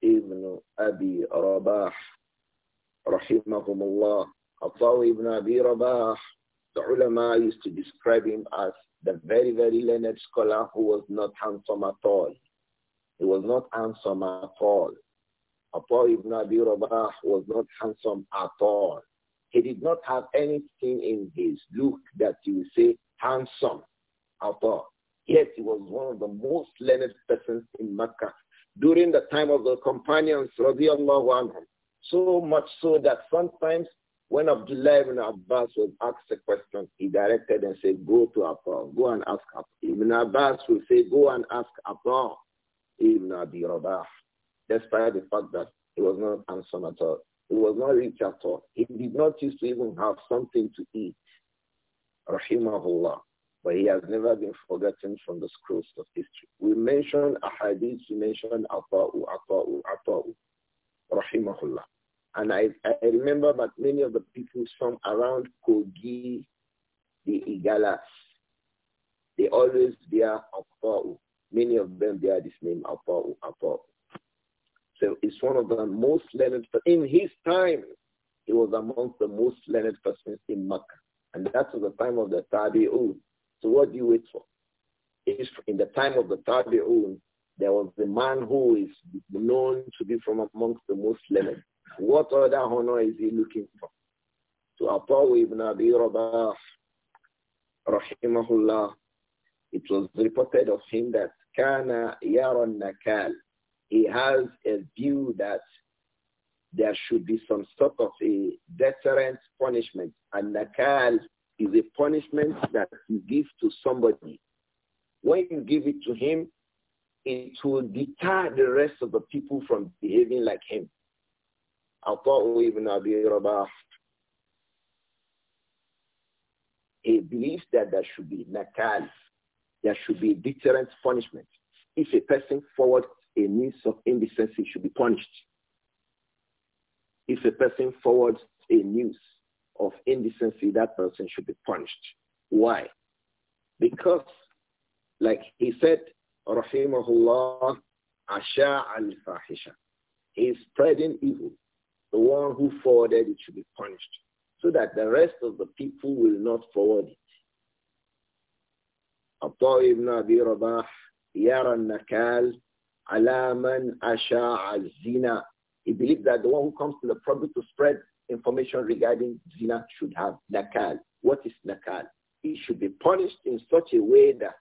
ibn Abi Rabah, rahimahumullah. Ata'u ibn Abi Rabah, the ulama used to describe him as the very, very learned scholar who was not handsome at all. He was not handsome at all. Ata'u ibn Abi Rabah was not handsome at all. He did not have anything in his look that you say handsome. Atta. Yet he was one of the most learned persons in Mecca during the time of the companions, radiallahu anhum. So much so that sometimes when Abdullah ibn Abbas was asked a question, he directed and said, go to Abdul, go and ask Abdul." Ibn Abbas would say, go and ask Abdul ibn Abi Rabah, despite the fact that he was not handsome at all. He was not rich at all. He did not used to even have something to eat. Rahimahullah. But he has never been forgotten from the scrolls of history. We mention Ahadith, we mention Ata'u, Ata'u, Ata'u, Rahimahullah. And I, I remember that many of the people from around Kogi, the Igalas, they always bear Ata'u. Many of them bear this name, Ata'u, Ata'u. So it's one of the most learned, in his time, he was amongst the most learned persons in Makkah. And that was the time of the Tabi'un. So what do you wait for? If in the time of the Tabi'un, there was a man who is known to be from amongst the Muslims. what other honor is he looking for? To so Atawu ibn Abi Rabah, rahimahullah, it was reported of him that kana yaron nakal. He has a view that there should be some sort of a deterrent punishment. And nakal is a punishment that you give to somebody. When you give it to him, it will deter the rest of the people from behaving like him. Ata'u ibn he believes that there should be nakal, there should be deterrent punishment. If a person forwards a means of indecency, should be punished. If a person forwards a news of indecency, that person should be punished. Why? Because, like he said, rahimahullah, asha al-fahisha. He is spreading evil. The one who forwarded it should be punished so that the rest of the people will not forward it. Atta ibn Abi Rabah yara nakal ala man asha al-zina. He believed that the one who comes to the Prophet to spread information regarding zina should have nakal. What is nakal? It should be punished in such a way that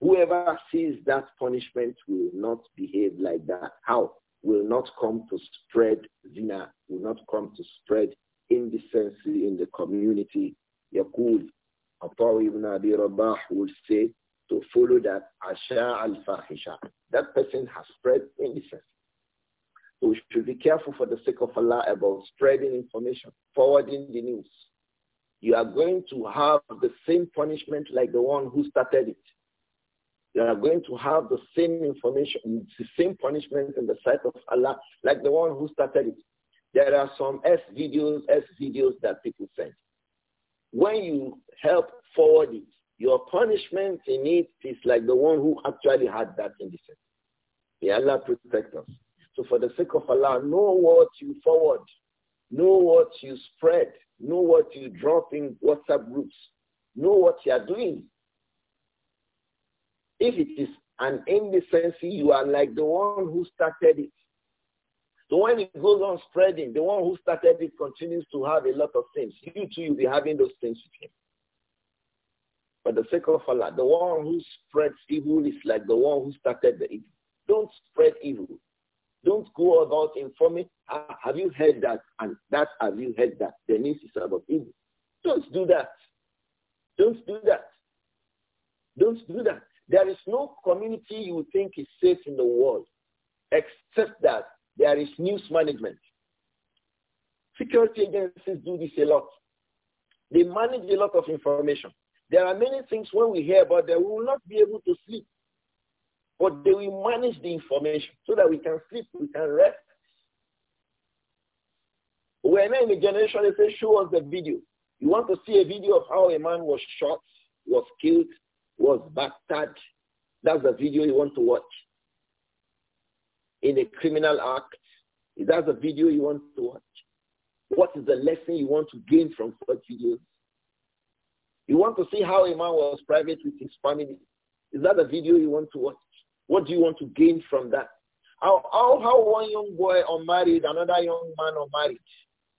whoever sees that punishment will not behave like that. How? Will not come to spread zina, will not come to spread indecency in the community. Yaqul, Attaw ibn Abi Rabah will say to follow that Asha al-Fahisha. That person has spread indecency. So we should be careful for the sake of Allah about spreading information, forwarding the news. You are going to have the same punishment like the one who started it. You are going to have the same information, the same punishment in the sight of Allah like the one who started it. There are some S videos, S videos that people send. When you help forward it, your punishment in it is like the one who actually had that in the sense. May Allah protect us. So for the sake of Allah, know what you forward, know what you spread, know what you drop in WhatsApp groups, know what you are doing. If it is an indecency, you are like the one who started it. So when it goes on spreading, the one who started it continues to have a lot of things. You too, you'll be having those things with him. For the sake of Allah, the one who spreads evil is like the one who started the evil. Don't spread evil. Don't go about informing, have you heard that? And that, have you heard that? The news is about evil. Don't do that. Don't do that. Don't do that. There is no community you think is safe in the world except that there is news management. Security agencies do this a lot. They manage a lot of information. There are many things when we hear about them, we will not be able to sleep. But they will manage the information so that we can sleep, we can rest. We're now in a generation that says, show us the video. You want to see a video of how a man was shot, was killed, was battered. That's the video you want to watch. In a criminal act, that's the video you want to watch. What is the lesson you want to gain from such videos? You want to see how a man was private with his family. Is that the video you want to watch? What do you want to gain from that? How, how, how one young boy unmarried, another young man unmarried?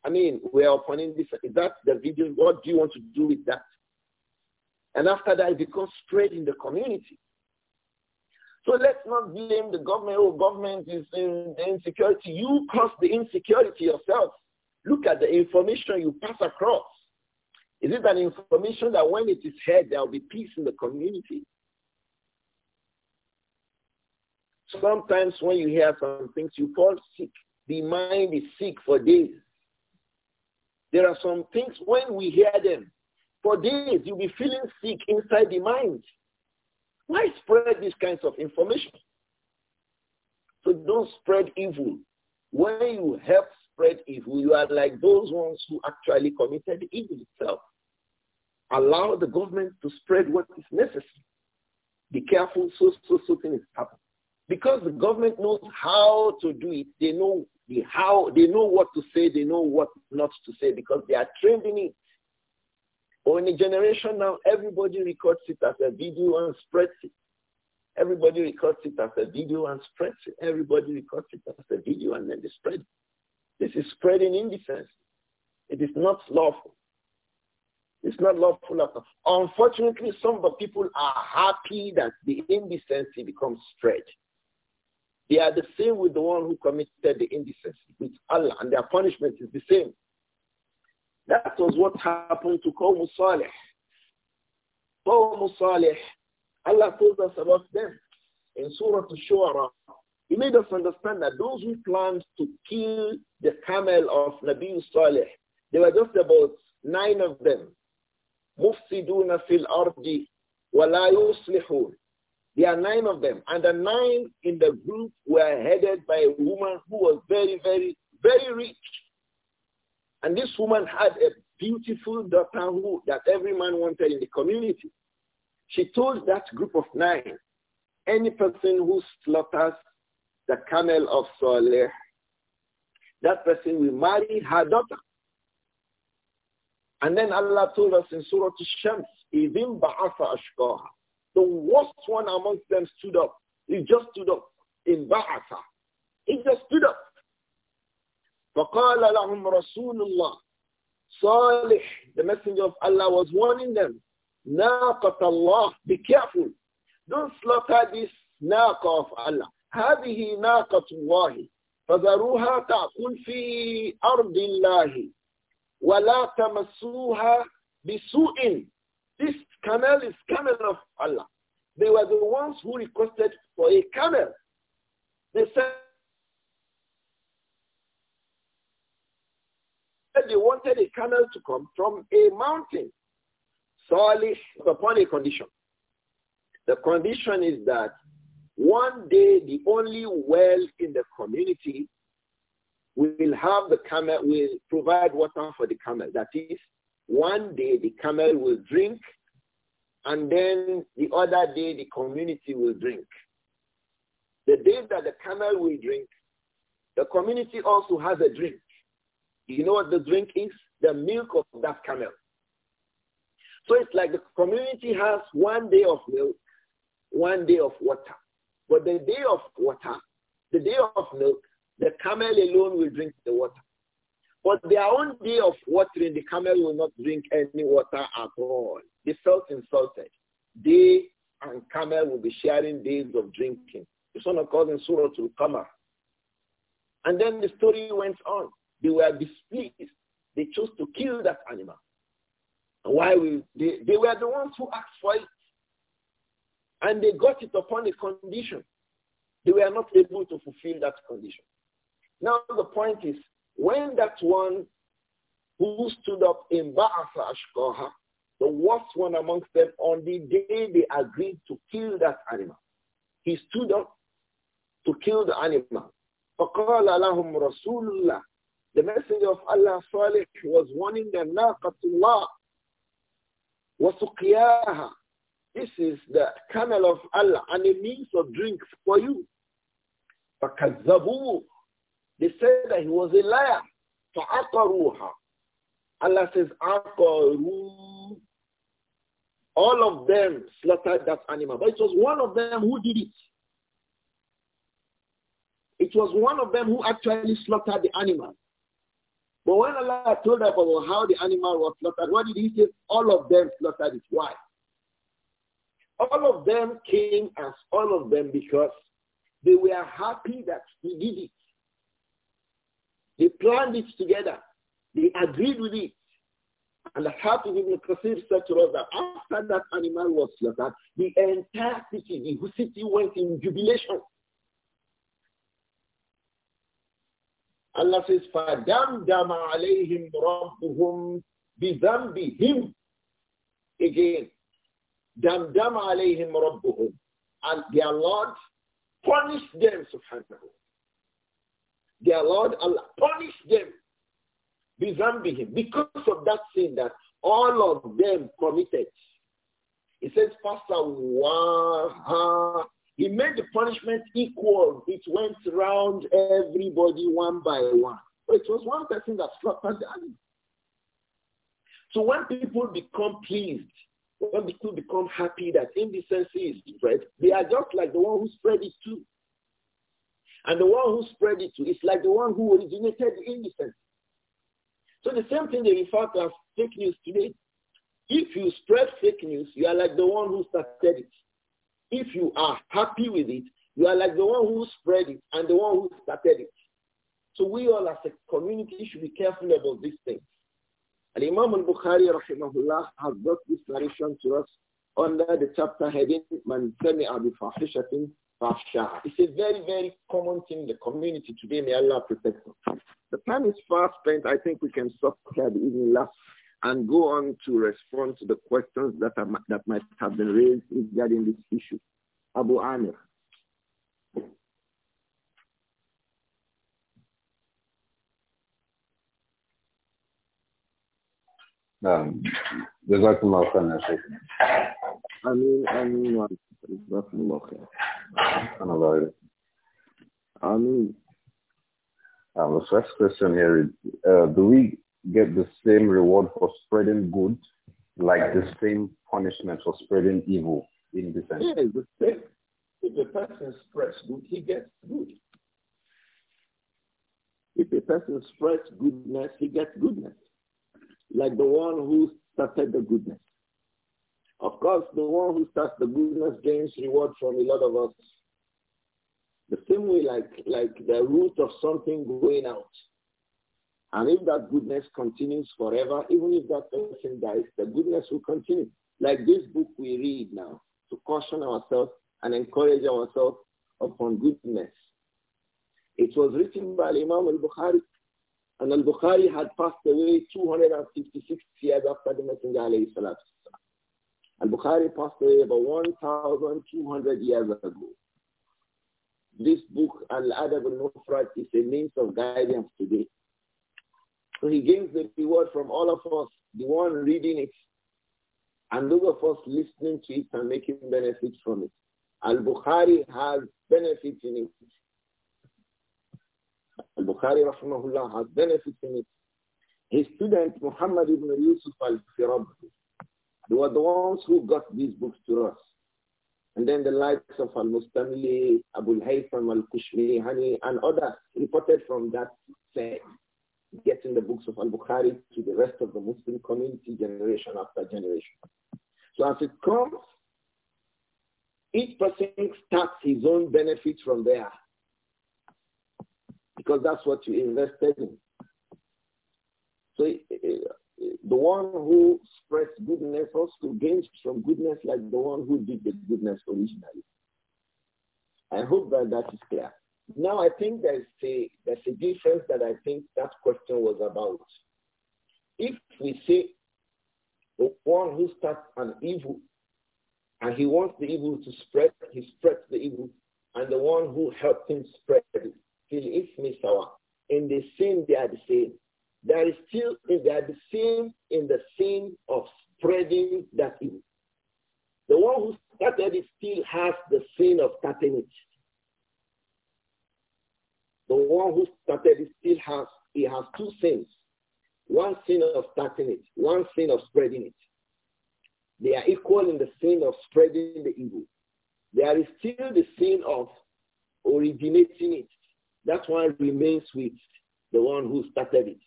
I mean, we are opening this. that the video. What do you want to do with that? And after that, it becomes spread in the community. So let's not blame the government. Oh, government is in insecurity. You cause the insecurity yourself. Look at the information you pass across. Is it an information that when it is heard, there will be peace in the community? Sometimes when you hear some things, you fall sick. The mind is sick for days. There are some things when we hear them, for days you'll be feeling sick inside the mind. Why spread these kinds of information? So don't spread evil. When you help spread evil, you are like those ones who actually committed evil itself. Allow the government to spread what is necessary. Be careful, so so so is happening. Because the government knows how to do it, they know the how, they know what to say, they know what not to say because they are trained in it. Or in a generation now, everybody records it as a video and spreads it. Everybody records it as a video and spreads it. Everybody records it as a video and then they spread it. This is spreading indecency. It is not lawful. It's not lawful at all. Unfortunately, some people are happy that the indecency becomes spread. They are the same with the one who committed the indecency with Allah, and their punishment is the same. That was what happened to Qawm Salih. Qawm Salih, Allah told us about them in Surah Al-Shu'ara. He made us understand that those who planned to kill the camel of Nabi Salih, there were just about nine of them. مفسدون في الأرض ولا يصلحون there are nine of them. And the nine in the group were headed by a woman who was very, very, very rich. And this woman had a beautiful daughter who, that every man wanted in the community. She told that group of nine, any person who slaughters the camel of Soleh, that person will marry her daughter. And then Allah told us in Surah Al-Shams, إِذِنْ Ba'afa أَشْقَاهَا the worst one amongst them stood up. He just stood up in Bahasa. He just stood up. فَقَالَ لَهُمْ رَسُولُ اللَّهِ Salih, the messenger of Allah, was warning them. نَاقَةَ اللَّهِ Be careful. Don't slaughter this ناقة of Allah. هذه ناقة الله فذروها تأكل في أرض الله ولا تمسوها بسوء this camel is camel of Allah. They were the ones who requested for a camel. They said they wanted a camel to come from a mountain. Solely upon a condition. The condition is that one day the only well in the community will have the camel, will provide water for the camel. That is, one day the camel will drink and then the other day the community will drink. The day that the camel will drink, the community also has a drink. You know what the drink is? The milk of that camel. So it's like the community has one day of milk, one day of water. But the day of water, the day of milk, the camel alone will drink the water. But their own day of watering, the camel will not drink any water at all. They felt insulted. They and camel will be sharing days of drinking. It's not occurs in Surah Al-Qamar. And then the story went on. They were displeased. They chose to kill that animal. And why we? they, they were the ones who asked for it. And they got it upon a condition. They were not able to fulfill that condition. Now the point is, when that one who stood up in Ba'asa Ashkoha, the worst one amongst them, on the day they agreed to kill that animal, he stood up to kill the animal. فقال لهم رسول الله the messenger of Allah Salih was warning them, Naqatullah wasuqiyaha. This is the camel of Allah and a means of drink for you. They said that he was a liar. فَعَقَرُوهَا Allah says, Akaru. All of them slaughtered that animal. But it was one of them who did it. It was one of them who actually slaughtered the animal. But when Allah told us about how the animal was slaughtered, what did he say? All of them slaughtered it. Why? All of them came as all of them because they were happy that he did it. They planned it together. They agreed with it. And the Hafiz ibn Qasir said to us that after that animal was slaughtered, the entire city, the city went in jubilation. Allah says, فَدَمْدَمَ عَلَيْهِمْ رَبُّهُمْ بِذَنْبِهِمْ Again, دَمْدَمَ عَلَيْهِمْ رَبُّهُمْ And their Lord punished them, subhanahu their Lord Allah punished them because of that sin that all of them committed. He says, Pastor He made the punishment equal. It went round everybody one by one. But it was one person that slaughtered the animal. So when people become pleased, when people become happy that indecency is spread, they are just like the one who spread it too. And the one who spread it to is like the one who originated the indecency. So the same thing they refer to as fake news today. If you spread fake news, you are like the one who started it. If you are happy with it, you are like the one who spread it and the one who started it. So we all as a community should be careful about these things. And imam al-Bukhari rahimahullah has brought this narration to us under the chapter heading Man Sami'a it's a very, very common thing in the community today. May Allah protect us. The time is far spent. I think we can stop here the evening last and go on to respond to the questions that, are, that might have been raised regarding this issue. Abu Amir. Um, I mean, I mean, جزاكم الله خير um, the first question here is, uh, do we get the same reward for spreading good, like the same punishment for spreading evil in the sense? Yeah, the same. If a person spreads good, he gets good. If a person spreads goodness, he gets goodness. Like the one who started the goodness. Of course, the one who starts the goodness gains reward from a lot of us. The same way like, like the root of something going out. And if that goodness continues forever, even if that person dies, the goodness will continue. Like this book we read now, to caution ourselves and encourage ourselves upon goodness. It was written by Imam al-Bukhari. And al-Bukhari had passed away 256 years after the Messenger of Allah. Al-Bukhari passed away about 1,200 years ago. This book, Al-Adab al-Mufrad, is a means of guidance today. So he gains the reward from all of us, the one reading it, and those of us listening to it and making benefits from it. Al-Bukhari has benefits in it. Al-Bukhari, rahimahullah, has benefits in it. His student, Muhammad ibn Yusuf al-Firabhi, they were the ones who got these books to us. And then the likes of Al-Mustamili, Abu Haytham Al-Kushmi, Hani, and others reported from that set, getting the books of Al-Bukhari to the rest of the Muslim community generation after generation. So as it comes, each person starts his own benefit from there because that's what you invested in. So the one who spreads goodness also gains from goodness like the one who did the goodness originally. I hope that that is clear. Now I think there's a, there's a difference that I think that question was about. If we say the one who starts an evil and he wants the evil to spread, he spreads the evil, and the one who helped him spread it, it's misawa. In the same, they are the same. There is still, they are the in the sin of spreading that evil. The one who started it still has the sin of starting it. The one who started it still has, he has two sins. One sin of starting it, one sin of spreading it. They are equal in the sin of spreading the evil. There is still the sin of originating it. That one remains with the one who started it.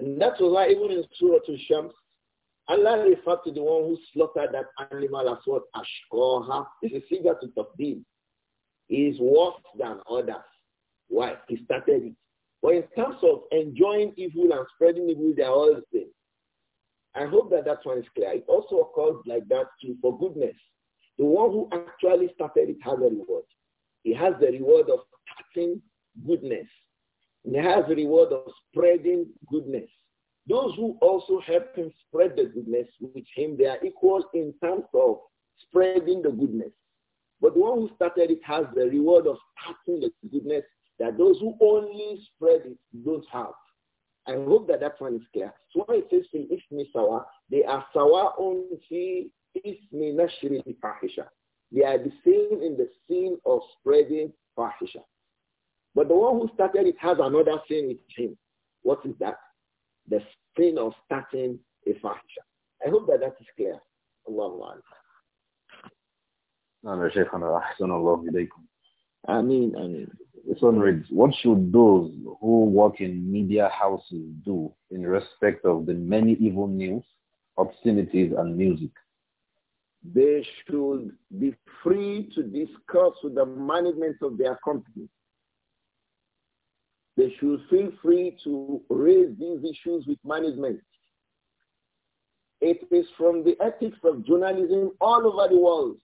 And that was why even in Surah to shams Allah referred to the one who slaughtered that animal as what? Ashkoha. This is figure to Tabdeen. He is worse than others. Why? He started it. But in terms of enjoying evil and spreading evil, they are all the same. I hope that that one is clear. It also occurs like that too for goodness. The one who actually started it has a reward. He has the reward of starting goodness. And has the reward of spreading goodness. Those who also help him spread the goodness with him, they are equal in terms of spreading the goodness. But the one who started it has the reward of acting the goodness that those who only spread it don't have. I hope that that one is clear. So when it says fil ismi sawa, they are sawa on ismi nashri fahisha. They are the same in the scene of spreading fahisha. But the one who started it has another sin with him. What is that? The sin of starting a fast. I hope that that is clear. Allahu Akbar. This one reads, what should those who work in media houses do in respect of the many evil news, obscenities, and music? They should be free to discuss with the management of their company they should feel free to raise these issues with management. It is from the ethics of journalism all over the world.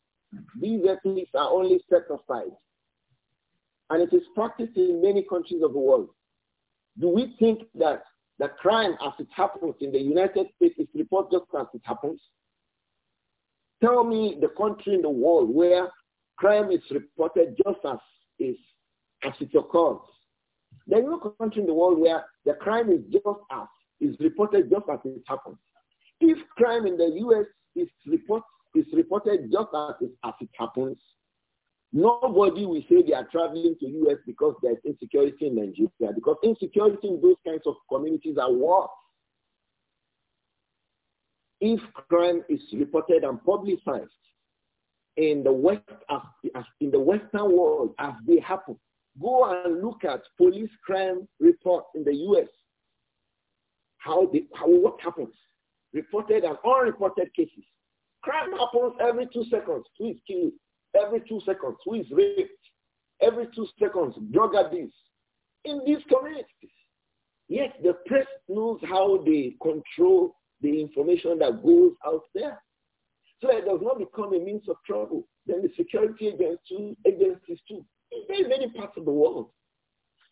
These ethics are only set aside. And it is practiced in many countries of the world. Do we think that the crime as it happens in the United States is reported just as it happens? Tell me the country in the world where crime is reported just as, is, as it occurs. There is no country in the world where the crime is just as, is reported just as it happens. If crime in the U.S. is, report, is reported just as, as it happens, Nobody will say they are traveling to US because there's insecurity in Nigeria, because insecurity in those kinds of communities are worse. If crime is reported and publicized in the West, as, as in the Western world as they happen, Go and look at police crime reports in the U.S. How they, how, what happens? Reported and unreported cases. Crime happens every two seconds. Who is killed? Every two seconds. Who is raped? Every two seconds. Drug abuse. In these communities. Yet the press knows how they control the information that goes out there. So that it does not become a means of trouble. Then the security agencies too, agencies too in very many parts of the world.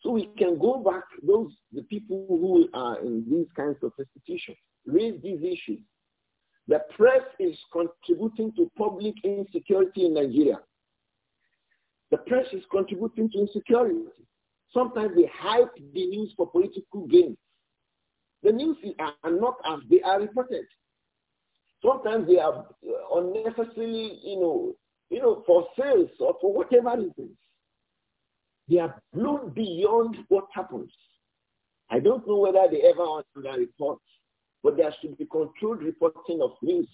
So we can go back those the people who are in these kinds of institutions, raise these issues. The press is contributing to public insecurity in Nigeria. The press is contributing to insecurity. Sometimes they hype the news for political gain. The news are not as they are reported. Sometimes they are unnecessarily, you know, you know, for sales or for whatever reasons. They are blown beyond what happens. I don't know whether they ever answer their reports, but there should be controlled reporting of news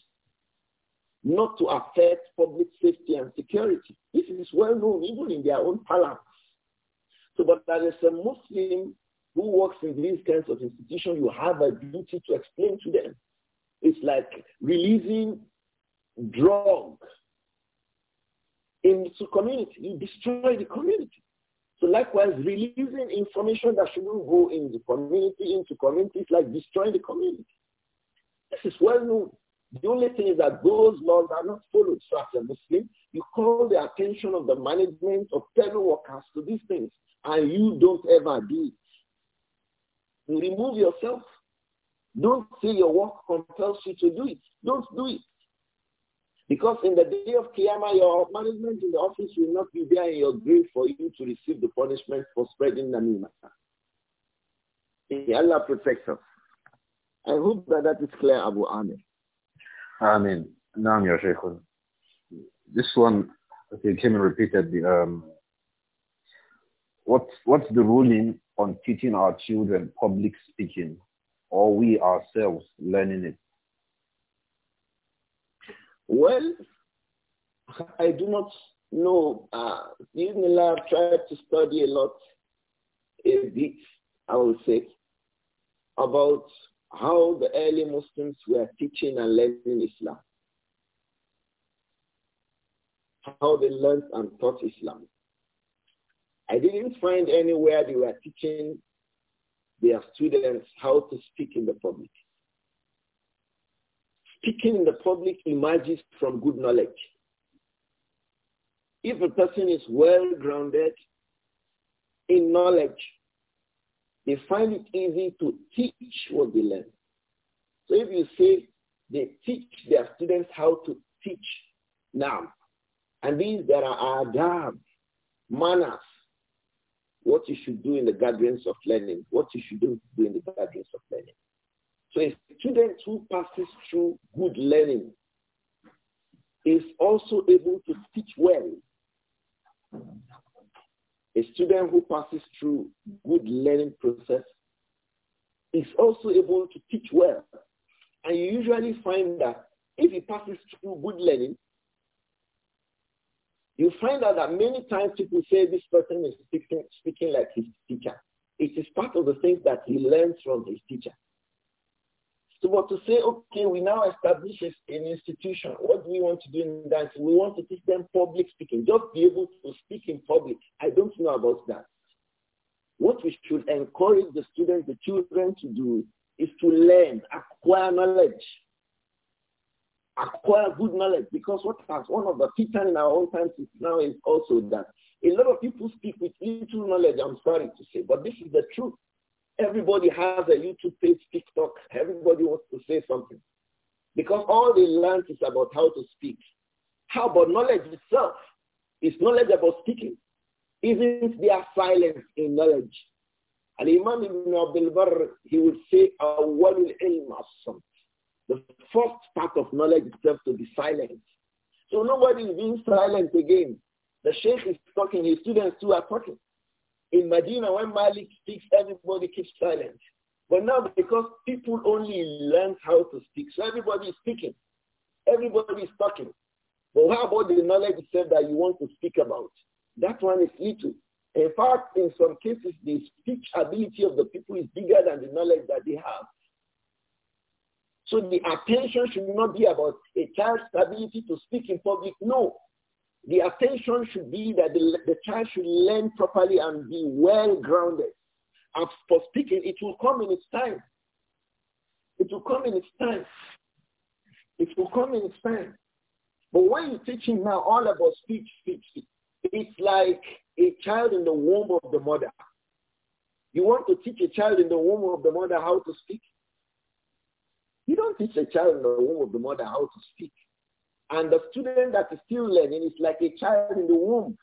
not to affect public safety and security. This is well known even in their own palace. So, but that is a Muslim who works in these kinds of institutions, you have a duty to explain to them. It's like releasing drug into community. You destroy the community. So likewise, releasing information that shouldn't go in the community into communities like destroying the community. This is well known. The only thing is that those laws are not followed. So as a Muslim, you call the attention of the management of fellow workers to these things, and you don't ever do it. You remove yourself. Don't say your work compels you to do it. Don't do it. Because in the day of Qiyamah, your management in the office will not be there in your grave for you to receive the punishment for spreading Namima. May Allah protect us. I hope that that is clear, Abu Amir. Amen. Naam, Ya Shaykh. This one, okay, came and repeated the, um, what, what's the ruling on teaching our children public speaking or we ourselves learning it? Well, I do not know. Uh, in I've tried to study a lot, a bit, I will say, about how the early Muslims were teaching and learning Islam. How they learned and taught Islam. I didn't find anywhere they were teaching their students how to speak in the public speaking in the public emerges from good knowledge. If a person is well grounded in knowledge, they find it easy to teach what they learn. So if you say they teach their students how to teach now, and these there are adab, manners, what you should do in the guardians of learning, what you should do in the guardians of learning. So a student who passes through good learning is also able to teach well. A student who passes through good learning process is also able to teach well. And you usually find that if he passes through good learning, you find out that many times people say this person is speaking, speaking like his teacher. It is part of the things that he learns from his teacher. So but to say, okay, we now establish an institution. What do we want to do in that? We want to teach them public speaking. Just be able to speak in public. I don't know about that. What we should encourage the students, the children to do is to learn, acquire knowledge. Acquire good knowledge because what has one of the fitan in our own times is now is also that a lot of people speak with little knowledge, I'm sorry to say, but this is the truth. Everybody has a YouTube page, TikTok. Everybody wants to say something. Because all they learn is about how to speak. How about knowledge itself? Is knowledge about speaking? Isn't there silence in knowledge? And Imam Ibn Abdul Barr, he would say, أول العلم الصمت. The first part of knowledge itself to be silent. So nobody is being silent again. The sheikh is talking, his students too are talking. In Medina, when Malik speaks, everybody keeps silent. But now because people only learn how to speak, so everybody is speaking. Everybody is talking. But how about the knowledge itself that you want to speak about? That one is little. In fact, in some cases, the speech ability of the people is bigger than the knowledge that they have. So the attention should not be about a child's ability to speak in public. No, the attention should be that the, the child should learn properly and be well grounded. for speaking, it will come in its time. It will come in its time. It will come in its time. But when you teach him now all about speech, speech, speech, it's like a child in the womb of the mother. You want to teach a child in the womb of the mother how to speak? You don't teach a child in the womb of the mother how to speak. And the student that is still learning is like a child in the womb.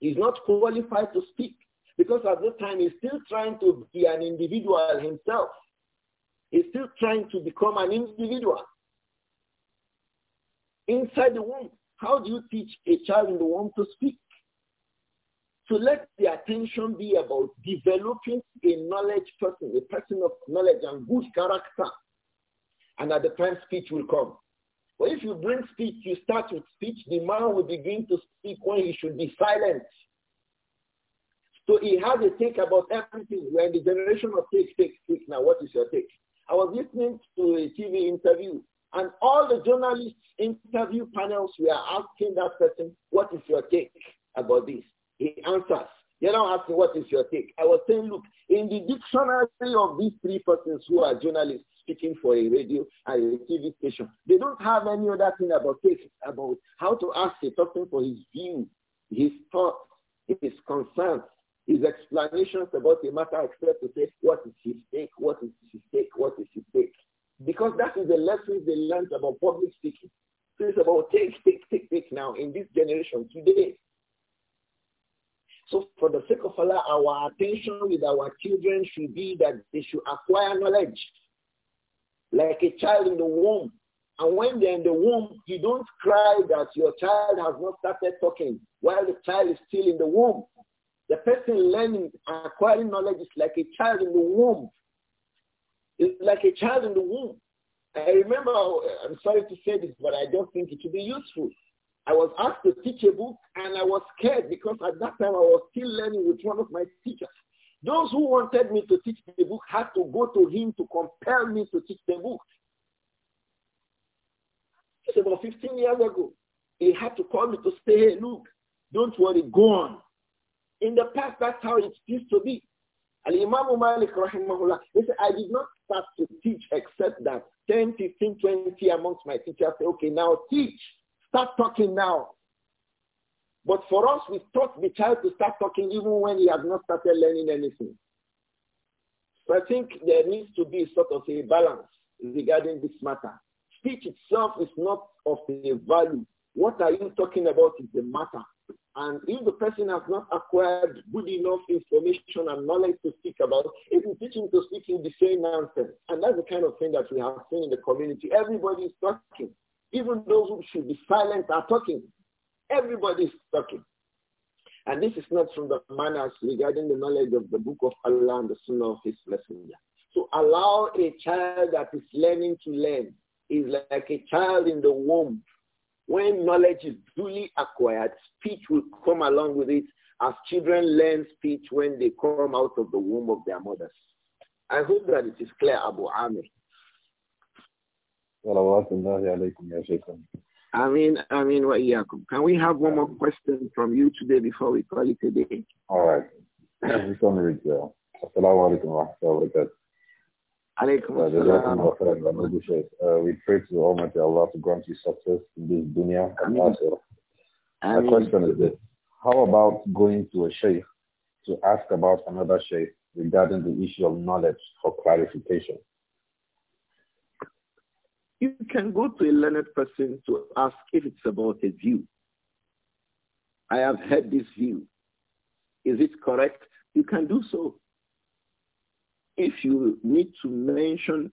He's not qualified to speak because at that time he's still trying to be an individual himself. He's still trying to become an individual. Inside the womb, how do you teach a child in the womb to speak? So let the attention be about developing a knowledge person, a person of knowledge and good character. And at the time speech will come. But if you bring speech, you start with speech, the man will begin to speak when he should be silent. So he has a take about everything. We are in the generation of take, take, take. Now, what is your take? I was listening to a TV interview, and all the journalists interview panels were asking that person, what is your take about this? He answers. You're not asking, what is your take? I was saying, look, in the dictionary of these three persons who are journalists, speaking for a radio and a TV station. They don't have any other thing about it, about how to ask a person for his view, his thoughts, his concerns, his explanations about a matter except to say, what is his take, what is his take, what is his take. Because that is the lessons they learned about public speaking. So it's about take, take, take, take now in this generation today. So for the sake of Allah, our attention with our children should be that they should acquire knowledge like a child in the womb. And when they're in the womb, you don't cry that your child has not started talking while the child is still in the womb. The person learning, and acquiring knowledge is like a child in the womb. It's like a child in the womb. I remember, I'm sorry to say this, but I don't think it would be useful. I was asked to teach a book and I was scared because at that time I was still learning with one of my teachers. Those who wanted me to teach the book had to go to him to compel me to teach the book. It's about 15 years ago. He had to call me to say, hey, look, don't worry, go on. In the past, that's how it used to be. They imam Malik, rahimahullah, he said, I did not start to teach except that 10, 15, 20 amongst my teachers say, okay, now teach. Start talking now. But for us, we taught the child to start talking even when he has not started learning anything. So I think there needs to be sort of a balance regarding this matter. Speech itself is not of a value. What are you talking about is the matter. And if the person has not acquired good enough information and knowledge to speak about, if you teach him to speak, in the same nonsense. And that's the kind of thing that we have seen in the community. Everybody is talking. Even those who should be silent are talking. Everybody is talking. And this is not from the manners regarding the knowledge of the book of Allah and the sunnah of his messenger. To allow a child that is learning to learn is like a child in the womb. When knowledge is duly acquired, speech will come along with it as children learn speech when they come out of the womb of their mothers. I hope that it is clear, Abu Amir. I mean, I mean, what? Yeah. can we have one more question from you today before we call it a day? All right. This one reads, Assalamu alaikum wa rahmatullahi uh, we pray to Almighty Allah to grant you success in this dunya and after. My question is this. How about going to a sheikh to ask about another sheikh regarding the issue of knowledge for clarification? You can go to a learned person to ask if it's about a view. I have had this view. Is it correct? You can do so. If you need to mention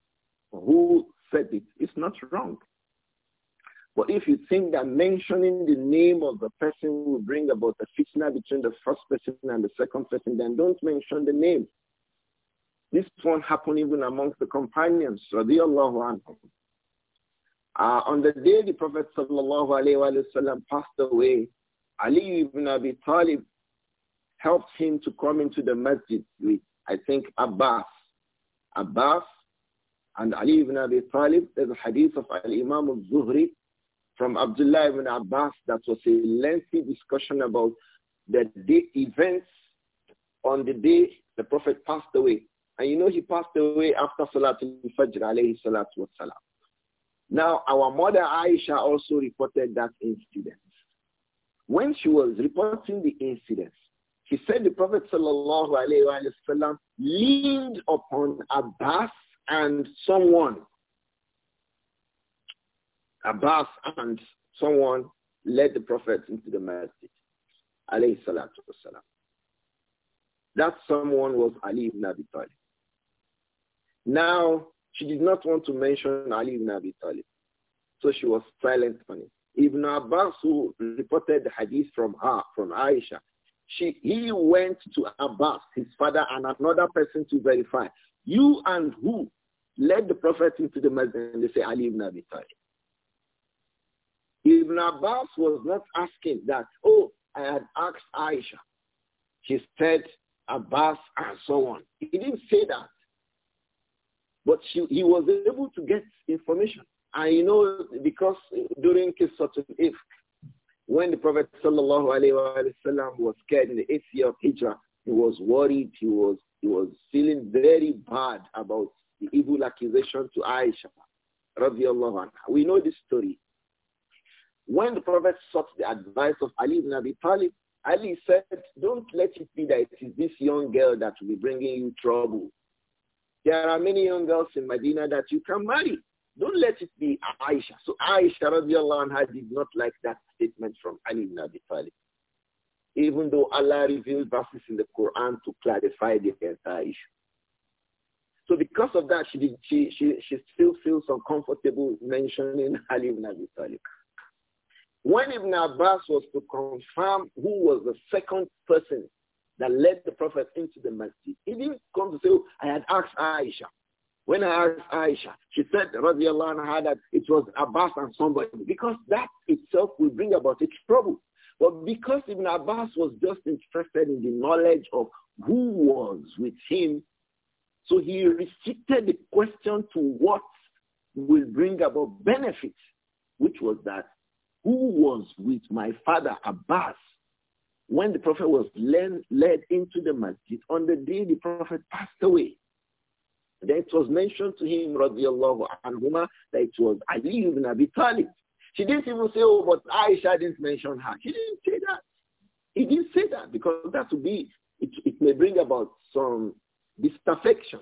who said it, it's not wrong. But if you think that mentioning the name of the person will bring about a fitna between the first person and the second person, then don't mention the name. This one happened even amongst the companions, radiallahu anhu. Uh, on the day the Prophet sallallahu alaihi passed away, Ali ibn Abi Talib helped him to come into the masjid with, I think, Abbas. Abbas and Ali ibn Abi Talib, there's a hadith of Al-Imam al-Zuhri from Abdullah ibn Abbas that was a lengthy discussion about the day, events on the day the Prophet passed away. And you know he passed away after Salatul Fajr alayhi salatu now, our mother Aisha also reported that incident. When she was reporting the incident, she said the Prophet wasallam leaned upon Abbas and someone. Abbas and someone led the Prophet into the masjid. That someone was Ali ibn Abi Talib. Now, she did not want to mention Ali ibn Abi Talib. So she was silent on it. Ibn Abbas, who reported the hadith from her, from Aisha, she, he went to Abbas, his father, and another person to verify. You and who led the prophet into the masjid? And they say Ali ibn Abi Talib. Ibn Abbas was not asking that, oh, I had asked Aisha. He said Abbas and so on. He didn't say that. But she, he was able to get information. And you know, because during Kisatul if, when the Prophet sallallahu was scared in the eighth year of Hijrah, he was worried. He was he was feeling very bad about the evil accusation to Aisha, We know this story. When the Prophet sought the advice of Ali ibn Abi Talib, Ali said, "Don't let it be that it is this young girl that will be bringing you trouble. There are many young girls in Medina that you can marry. Don't let it be Aisha. So Aisha radiallahu anha did not like that statement from Ali ibn Abi Talib. Even though Allah revealed verses in the Quran to clarify the entire issue. So because of that, she, did, she, she, she still feels uncomfortable mentioning Ali ibn Abi Talib. When Ibn Abbas was to confirm who was the second person that led the Prophet into the masjid. He didn't come to say, oh, I had asked Aisha. When I asked Aisha, she said, radiallahu anha, that it was Abbas and somebody, because that itself will bring about a trouble. But because Ibn Abbas was just interested in the knowledge of who was with him, so he restricted the question to what will bring about benefits, which was that who was with my father Abbas when the Prophet was led, led into the masjid on the day the Prophet passed away. Then it was mentioned to him, radiallahu anhuma, that it was Ali ibn Abi Talib. She didn't even say, oh, but Aisha didn't mention her. She didn't say that. He didn't say that because that would be, it, it may bring about some disaffection.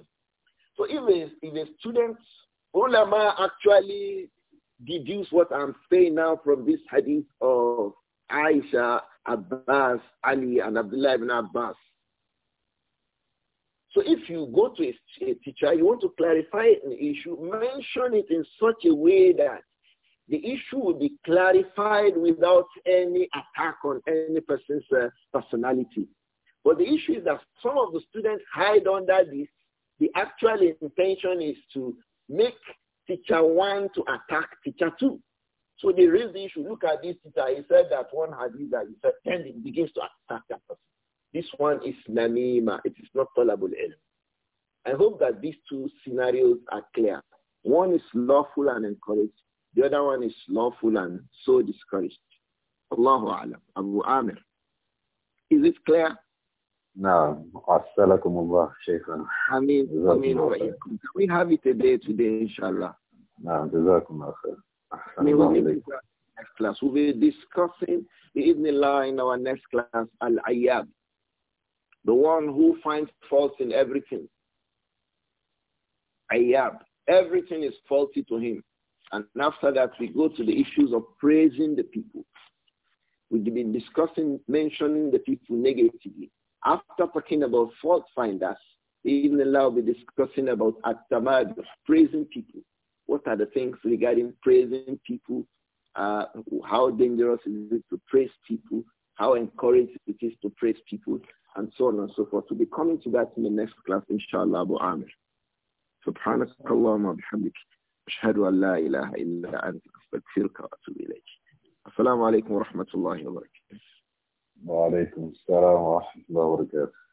So if a, if a student, ulama actually deduce what I'm saying now from this hadith of Aisha Abbas, Ali, and Abdullah ibn Abbas. So if you go to a, teacher, you want to clarify an issue, mention it in such a way that the issue will be clarified without any attack on any person's uh, personality. But the issue is that some of the students hide under this. The actual intention is to make teacher one to attack teacher two. So they raised the issue. Look at this teacher. He said that one hadith that he said, and it begins to attack that person. This one is namima. It is not tolerable ilm. I hope that these two scenarios are clear. One is lawful and encouraged. The other one is lawful and so discouraged. Allahu alam. Abu Amir. Is it clear? No. As-salamu I mean, I mean, we have it a day today, inshallah. No, jazakumullah khair. Next class. We'll be discussing Ibnillah in our next class, Al-Ayyab. The one who finds fault in everything. Ayyab. Everything is faulty to him. And after that, we go to the issues of praising the people. We've been discussing, mentioning the people negatively. After talking about fault finders, Ibn Allah will be discussing about at praising people. What are the things regarding praising people? Uh, how dangerous is it to praise people? How encouraging it is to praise people? And so on and so forth. We'll be coming to that in the next class, inshallah, Abu Amir. سبحانك اللهم وبحمدك أشهد أن لا إله إلا أنت أستغفرك وأتوب إليك السلام عليكم ورحمة الله وبركاته وعليكم السلام ورحمة الله وبركاته